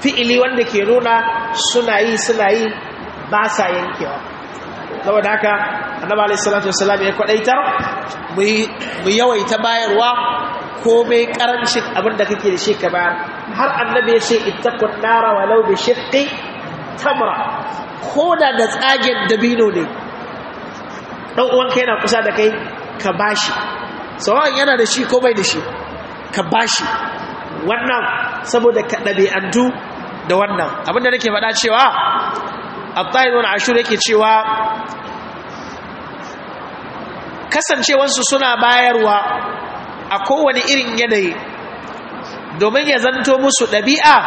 fi'ili wanda ke nuna suna yi suna yi ba sa yankewa saboda haka annabi alaihi salatu wassalam ya kwadaitar mu yawaita bayarwa ko mai karancin abin da kake da shi ka bayar har annabi ya ce ittaqun nara walau bi shiqqi tamra ko da da tsagen dabino ne dan uwanka yana kusa da kai ka bashi sawan yana da shi ko bai da shi ka bashi wannan saboda ka ɗabi'antu da wannan abinda nake faɗa cewa abdullahi ibn ashur yake cewa kasancewansu suna bayarwa a kowane irin yanayi domin ya zanto musu ɗabi'a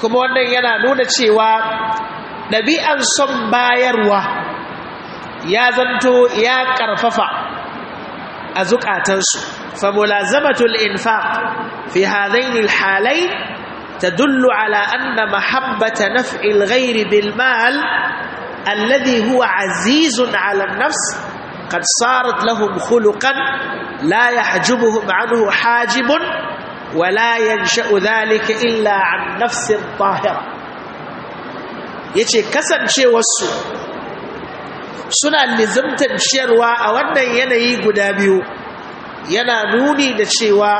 kuma wannan yana nuna cewa ɗabi'an son bayarwa ya zanto ya ƙarfafa a zukatansu famulazamatul infaq fi halayen halayen تدل على أن محبة نفع الغير بالمال الذي هو عزيز على النفس قد صارت لهم خلقا لا يحجبهم عنه حاجب ولا ينشأ ذلك إلا عن نفس طاهرة yace kasancewarsu suna lizimtar ciyarwa a wannan yanayi guda biyu yana nuni da cewa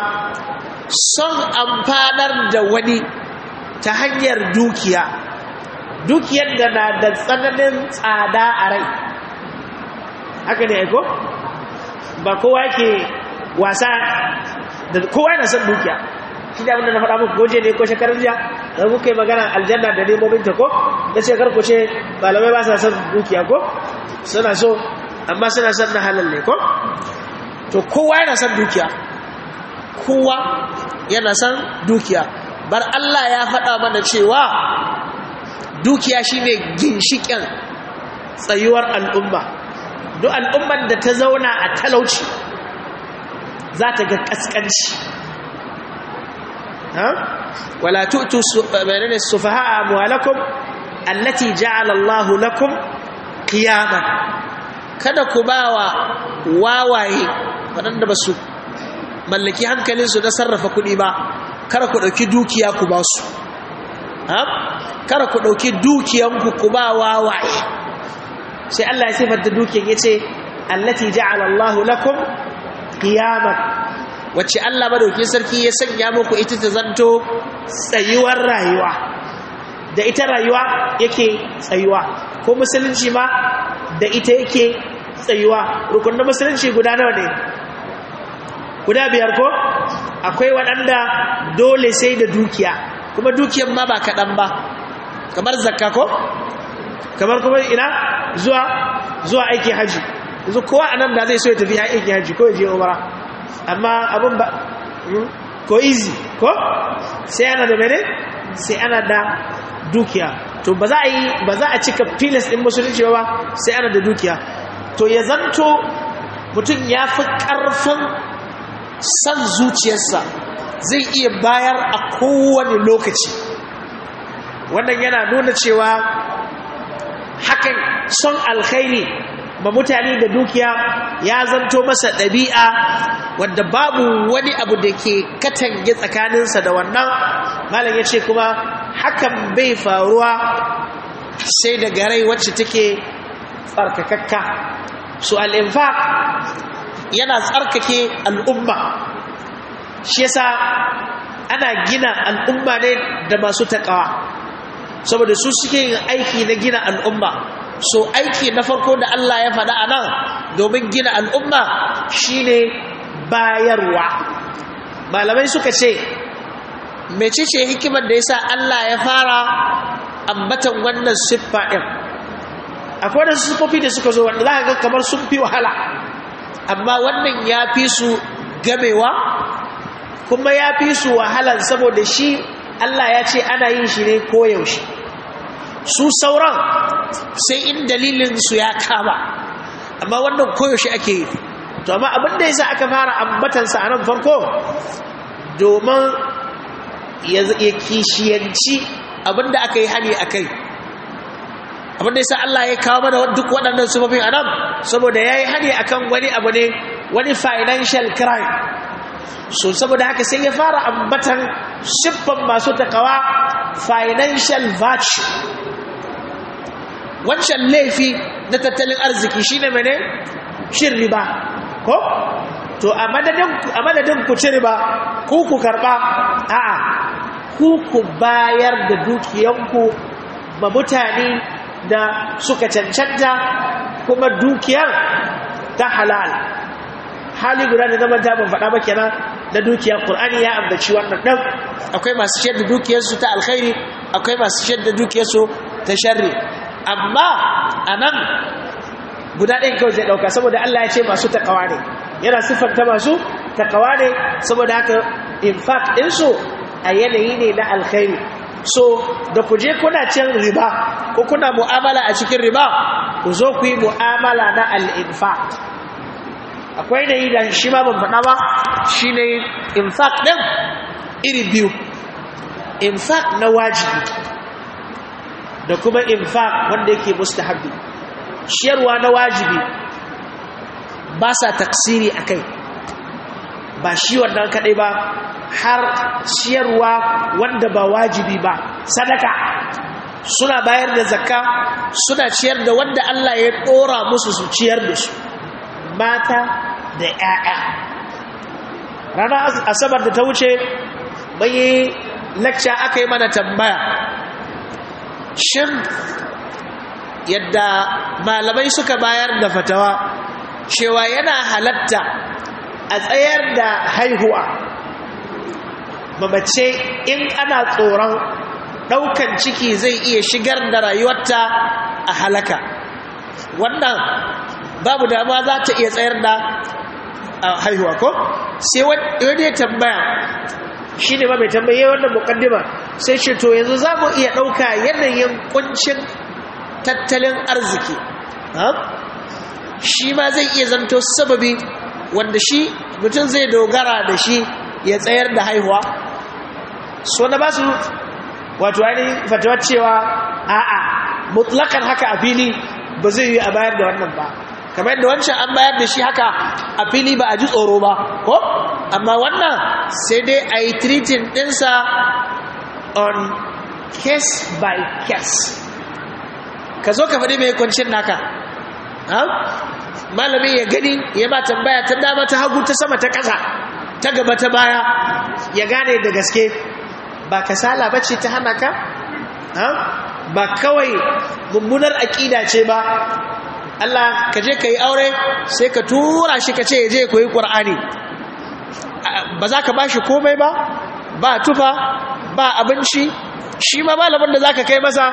son amfanar da wani ta hanyar dukiya dukiyar da na da tsananin tsada a rai haka ne aiko ba kowa ke wasa da kowa yana son dukiya shi da abinda na faɗa muku goje ne ko shekarar jiya da muka yi magana aljanna da nemomin ta ko da shekar ku ce balamai ba sa son dukiya ko suna so amma suna son na halal ne ko to kowa yana son dukiya kowa yana san dukiya bar Allah ya faɗa mana cewa dukiya shine ginshiƙen tsayuwar al'umma duk al'ummar da ta zauna a talauci za ta ga ƙasƙanci ولا تؤتوا السفهاء أموالكم التي جعل الله لكم قياما kada ku ba wawaye waɗanda ba su mallaki hankalinsu na sarrafa kuɗi ba kar ku ɗauki dukiya ku ba su kar ku ɗauki dukiyanku ku ba wawaye sai Allah ya sifar da dukiyan ya ce allati ja'ala Allahu lakum qiyamah wacce Allah madaukin sarki ya sanya muku ita ta zanto tsayuwar rayuwa da ita rayuwa yake tsayuwa ko musulunci ma da ita yake tsayuwa rukunin musulunci guda nawa ne guda biyar ko akwai waɗanda dole sai da dukiya kuma dukiyan ma ba kaɗan ba kamar zakka ko kamar kuma ina zuwa zuwa aiki haji yanzu kowa a nan da zai so ya tafi aikin haji ko ya je umara amma abin ba hmm? ko izi ko sai ana da mene sai ana da dukiya to ba za a yi ba za a cika filas ɗin musulunci ba sai ana da dukiya to ya zanto mutum ya fi ƙarfin san zuciyarsa zai iya bayar a kowane lokaci wannan yana nuna cewa hakan son alkhairi ma mutane da dukiya ya zanto masa ɗabi'a wadda babu wani abu da ke katange tsakaninsa da wannan malam ya ce kuma hakan bai faruwa sai da garai wacce take tsarkakakka su al'infa yana tsarkake al'umma shi yasa ana gina al'umma ne da masu taƙawa saboda su suke yin aiki na gina al'umma so aiki na farko da Allah ya faɗa a nan domin gina al'umma shine bayarwa malamai suka ce mecece hikimar da yasa Allah ya fara ambatan wannan siffa ɗin akwai wadansu siffofi da suka zo wanda za ga kamar sun fi wahala amma wannan ya fi su gamewa kuma ya fi su wahalan saboda shi Allah ya ce ana yin shi ne koyaushe su sauran sai in dalilin su ya kama amma wannan koyaushe ake yi to amma abin da yasa aka fara ambatansa a nan farko domin ya kishiyanci abinda aka yi hani a kai abin da sa Allah ya kawo mana duk waɗannan sufofin a nan saboda ya yi hani a kan wani abu ne wani financial crime so saboda haka sai ya fara ambatan siffan masu takawa financial virtue wancan laifi na tattalin arziki shi ne mene shin riba ko to a madadin ku ci riba ku ku karɓa a'a ku ku bayar da dukiyanku ma mutane da suka cancanta kuma dukiyar ta halal hali guda da zama ta ban faɗa ba dukiyar ƙul'ani ya amdaci wannan ɗan akwai masu shayar da dukiyarsu ta alkhairi akwai masu shayar da dukiyarsu ta sharri amma a nan guda ɗin kawai zai ɗauka saboda Allah ya ce masu takawa ne yana siffanta masu takawa ne saboda haka infaq ɗinsu a yanayi ne na alkhairi so da ku je kuna cin riba ko kuna mu'amala a cikin riba ku zo ku yi mu'amala na al'infaq akwai da yi da shi ma ban faɗa ba shi ne infaq ɗin iri biyu infaq na wajibi da kuma infaq wanda yake mustahabbi shiyarwa na wajibi ba sa taksiri a kai ba shi wannan kaɗai ba har ciyarwa wanda ba wajibi ba sadaka suna bayar da zakka suna ciyar da wanda Allah ya ɗora musu su ciyar da su mata da 'ya'ya ranar asabar da ta wuce bayi lakca aka yi mana tambaya shin yadda malamai suka bayar da fatawa cewa yana halatta a tsayar da haihuwa mace in ana tsoron ɗaukan ciki zai iya shigar da rayuwarta a halaka wannan babu dama za ta iya tsayar da haihuwa ko sai wani ya tambaya shi ne ma mai tambaye wannan mukaddima sai shi to yanzu za mu iya ɗauka yanayin kuncin tattalin arziki shi ma zai iya zanto sababi wanda shi mutum zai dogara da shi ya tsayar da haihuwa so na ba su wato ainihin fatawar cewa a'a mutlakan haka a fili ba zai yi a bayar da wannan ba kamar yadda wancan an bayar da shi haka a fili ba a ji tsoro ba ko amma wannan sai dai a yi treating ɗinsa on case by case ka zo ka faɗi mai kwancin naka malami ya gani ya ba tambaya ta dama ta hagu ta sama ta ƙasa ta gaba ta baya ya gane da gaske ba kasala ba ce ta hana ka ba kawai mummunar aƙida ce ba Allah ka je ka yi aure sai ka tura shi ka ce ya je koyi ƙwar'ani ba za ka ba shi komai ba ba tufa ba abinci shi ma malamin da za ka kai masa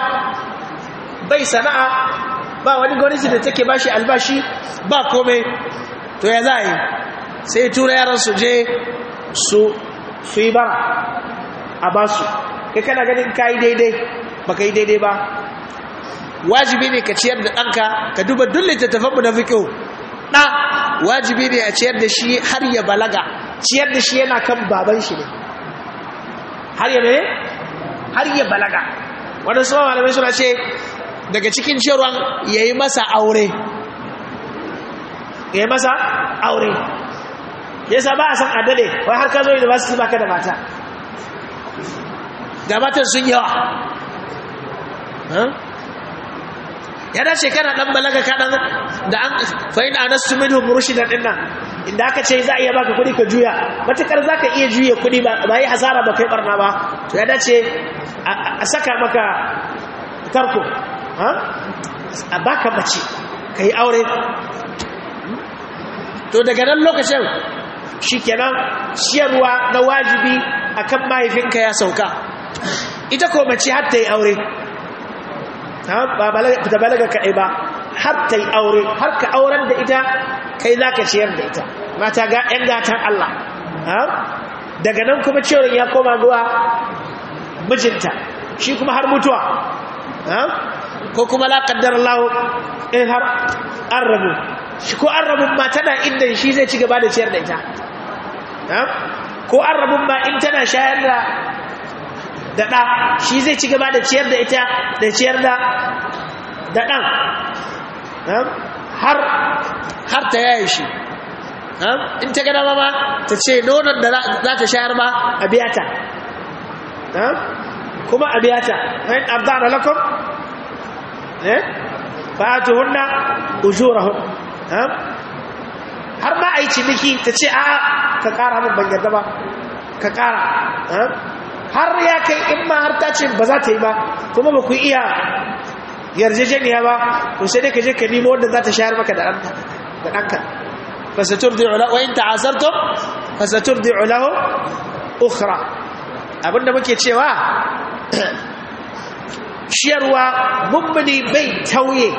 bai sana'a ba wani gwamnati da take ba shi albashi ba komai to ya za a yi sai tura yaran su je su su bara a ba su kai kana ganin ka yi daidai ba ka yi daidai ba wajibi ne ka ciyar da ɗanka ka duba duk littattafanmu na fiƙo ɗa wajibi ne a ciyar da shi har ya balaga ciyar da shi yana kan baban shi ne har ya ne har ya balaga waɗansu malamai suna ce daga cikin ciyarwan ya yi masa aure ya yi masa aure ya sa ba a san adade wai har ka zo su ba ka da mata gabatar sun yawa ya dace kana dan balaga kaɗan da an fa'in anastu minhum rushdan da inda aka ce za a iya baka kuɗi ka juya matukar za ka iya juya kuɗi ba yi hasara ba kai barna ba to ya dace a saka maka tarko a baka mace ka yi aure to daga nan lokacin shikenan siyarwa na wajibi akan mahaifinka ya sauka ita ko mace har ta yi aure ba balaga kaɗai ba har ta yi aure har ka auren da ita kai za ka ciyar da ita mata ga 'yan gatan Allah daga nan kuma cewar ya koma zuwa mijinta shi kuma har mutuwa ko kuma laƙaddar lawo in har an rabu shi ko an rabu ma tana inda shi zai ci gaba da ciyar da ita ko an arrabin ma in tana shayar da da shi zai ci gaba da ciyar da ita da ciyar da da har ta yaye shi in ta gada ma ta ce nonon da za ta shayar ma a biyata kuma a biya ta ɗan abda da lakon ba eh? a tuhunna ujurahun har ma a yi ciniki ta ce a ka ƙara min ban yarda ba ka ƙara har ya kai in ma har ta ce ba za ta yi ba kuma ba ku iya yarjejeniya ba to sai dai ka je ka nemo wanda za ta shayar maka da ɗanka fasaturdi'u ula wa in ta'asartum fasaturdi'u lahu ukhra abinda muke cewa [clears throat] shiyarwa mummuni bai tauye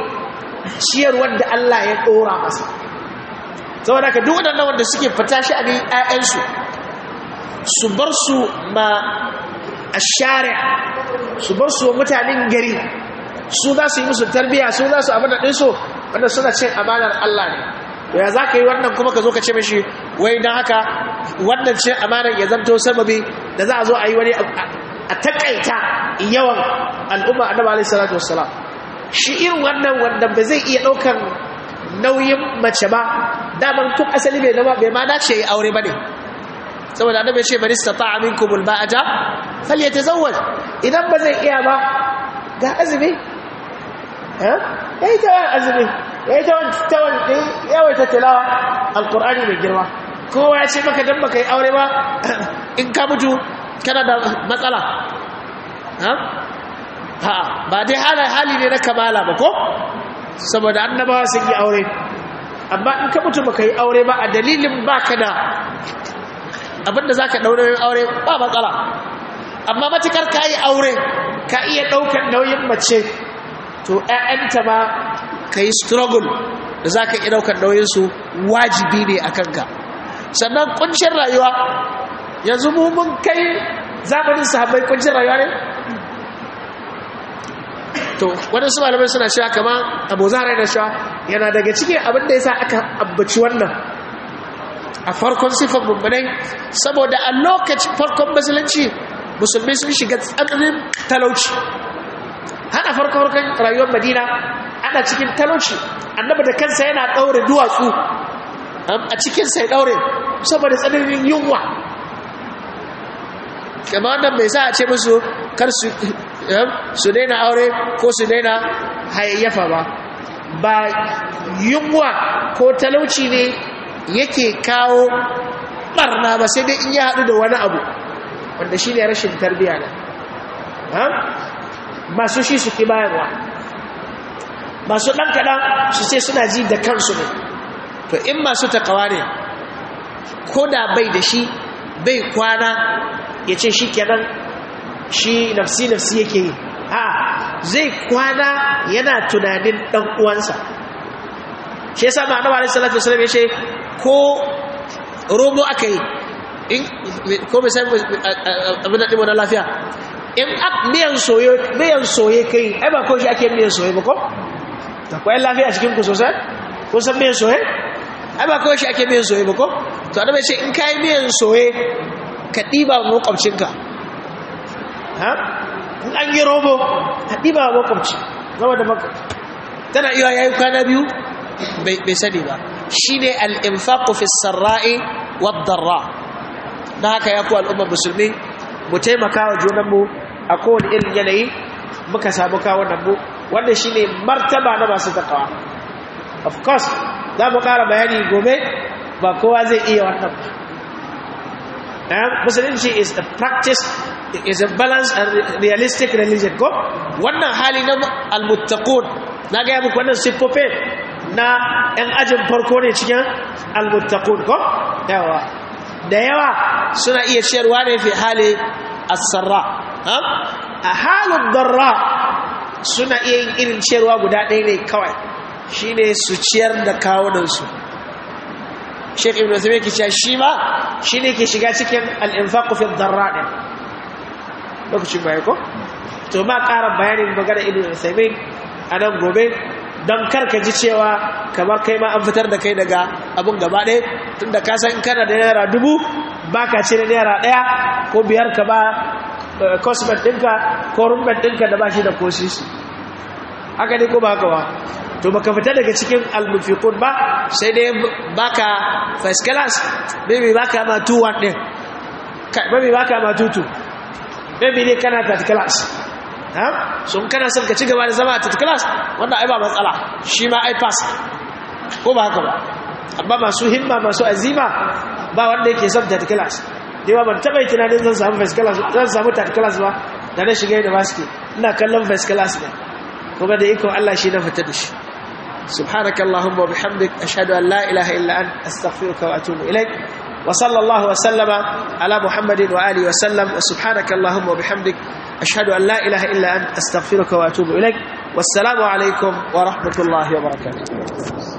ciyarwar da Allah ya ɗora masa saboda ka duk waɗannan wanda suke fata shi a ganin ‘ya'yansu su bar su ma a share su bar su mutanen gari su za su yi musu tarbiyya su za su abin ɗinsu wanda suna cin amanar Allah ne ya za ka yi wannan kuma ka zo ka ce mashi wai don haka wannan cin amanar ya zanto sababi da za a zo a yi wani a takaita yawan al'umma annabi alaihi salatu wassalam shi irin wannan wanda ba zai iya ɗaukan. nauyin mace ba daman tun asali bai zama bai ma dace yi aure ba ne saboda annabi ce bari stata aminkum ta falyatazawwaj idan ba zai iya ba ga azumi eh yayi ta azumi yayi ta tawon yayi ta tilawa alqur'ani mai girma kowa ya ce maka dan baka yi aure ba [coughs] in ka mutu kana da matsala ha eh? ba dai hali ne na kamala ba ko saboda annabawa sun yi aure amma in ka mutu baka yi aure ba a dalilin baka da abinda zaka daure aure ba matsala amma matukar ka yi aure ka iya ɗaukan nauyin mace to ƴaƴanta ba ka yi struggle da zaka iya ɗaukan nauyin su wajibi ne akan ka sannan kuncin rayuwa yanzu mu mun kai zamanin sahabbai kuncin rayuwa ne to waɗansu malamai suna cewa kama abu zahra da cewa yana daga cikin abin da ya sa aka abbaci wannan a farkon sifar bambanai saboda a lokacin farkon musulunci musulmi sun shiga tsananin talauci hana farkon harkar rayuwar madina ana cikin talauci annaba da kansa yana ɗaure duwatsu a cikin sai ɗaure saboda tsananin yunwa Kamar wannan mai sa a ce musu kar su Eh? su daina aure ko su daina hayayyafa ba ba yunwa ko talauci ne yake kawo barna ba sai dai in ya haɗu da wani abu wanda shi ne rashin tarbiya ne masu shi suke bayarwa masu ɗan kaɗan su sai suna ji da kansu ne to in masu takawa ne ko da bai da shi bai kwana ya ce shi kenan shi nafsi nafsi yake yi a zai kwana yana tunanin ɗan uwansa shi yasa ma annabi alaihi salatu wasallam ce ko robo aka yi in ko bai san abin da wani lafiya in miyan soye miyan soye kai ai ba ko shi ake miyan soye ba ko akwai lafiya cikin ku sosai kun san miyan soye ai ba ko shi ake miyan soye ba ko to annabi ce in kayi miyan soye ka diba makwabcinka an yi robo a ɗiba a makwabci zama da makwabci tana iya yayi kwana biyu bai sani ba shi ne al'infaƙo fi sarra'i wadda na haka ya ku al'ummar musulmi mu taimaka wa junanmu a kowane irin yanayi muka samu kawo nan mu wanda shi ne martaba na masu takawa of course za mu ƙara bayani gobe ba kowa zai iya wannan ba eh, musulunci is a practice is a balanced and realistic religion ko wannan hali na almuttaqun na ga muku wannan sifofe na yan ajin farko ne cikin almuttaqun ko yawa da yawa suna iya ciyarwa ne fi hali as-sarra a halin darra suna iya yin irin ciyarwa guda ɗaya ne kawai shine su ciyar da kawunansu Sheikh Ibn Uthaymeen ke cewa shi ma shine ke shiga cikin al-infaq fi darra darra lokacin baya ko to ma ƙarar bayanin magana ibn usaimin a nan gobe don karka ji cewa kamar kai ma an fitar da kai daga abin gaba ɗaya tun da kasan kana da naira dubu ba ka cire naira ɗaya ko biyar ka ba kosmet eh, ɗinka ko rumbet ɗinka da ba shi da shi haka ne ko ba haka ba to baka fita daga cikin almufiqun ba sai dai baka first class maybe baka ma 2 ɗin ba maybe baka ma 2 maybe dai kana third class ha so kana son ka ci gaba da zama a third class wannan ai ba matsala shi ma ai pass ko ba haka ba amma masu himma masu azima ba wanda yake son third class dai ba ban taɓa tunanin zan samu first class zan samu third class ba da na shiga university ina kallon first class ne kuma da ikon Allah shi na fita da shi subhanakallahumma wa bihamdik ashhadu an la ilaha illa anta astaghfiruka wa atubu ilaik وصلى الله وسلم على محمد وآله وسلم وسبحانك اللهم وبحمدك أشهد أن لا إله إلا أنت أستغفرك وأتوب إليك والسلام عليكم ورحمة الله وبركاته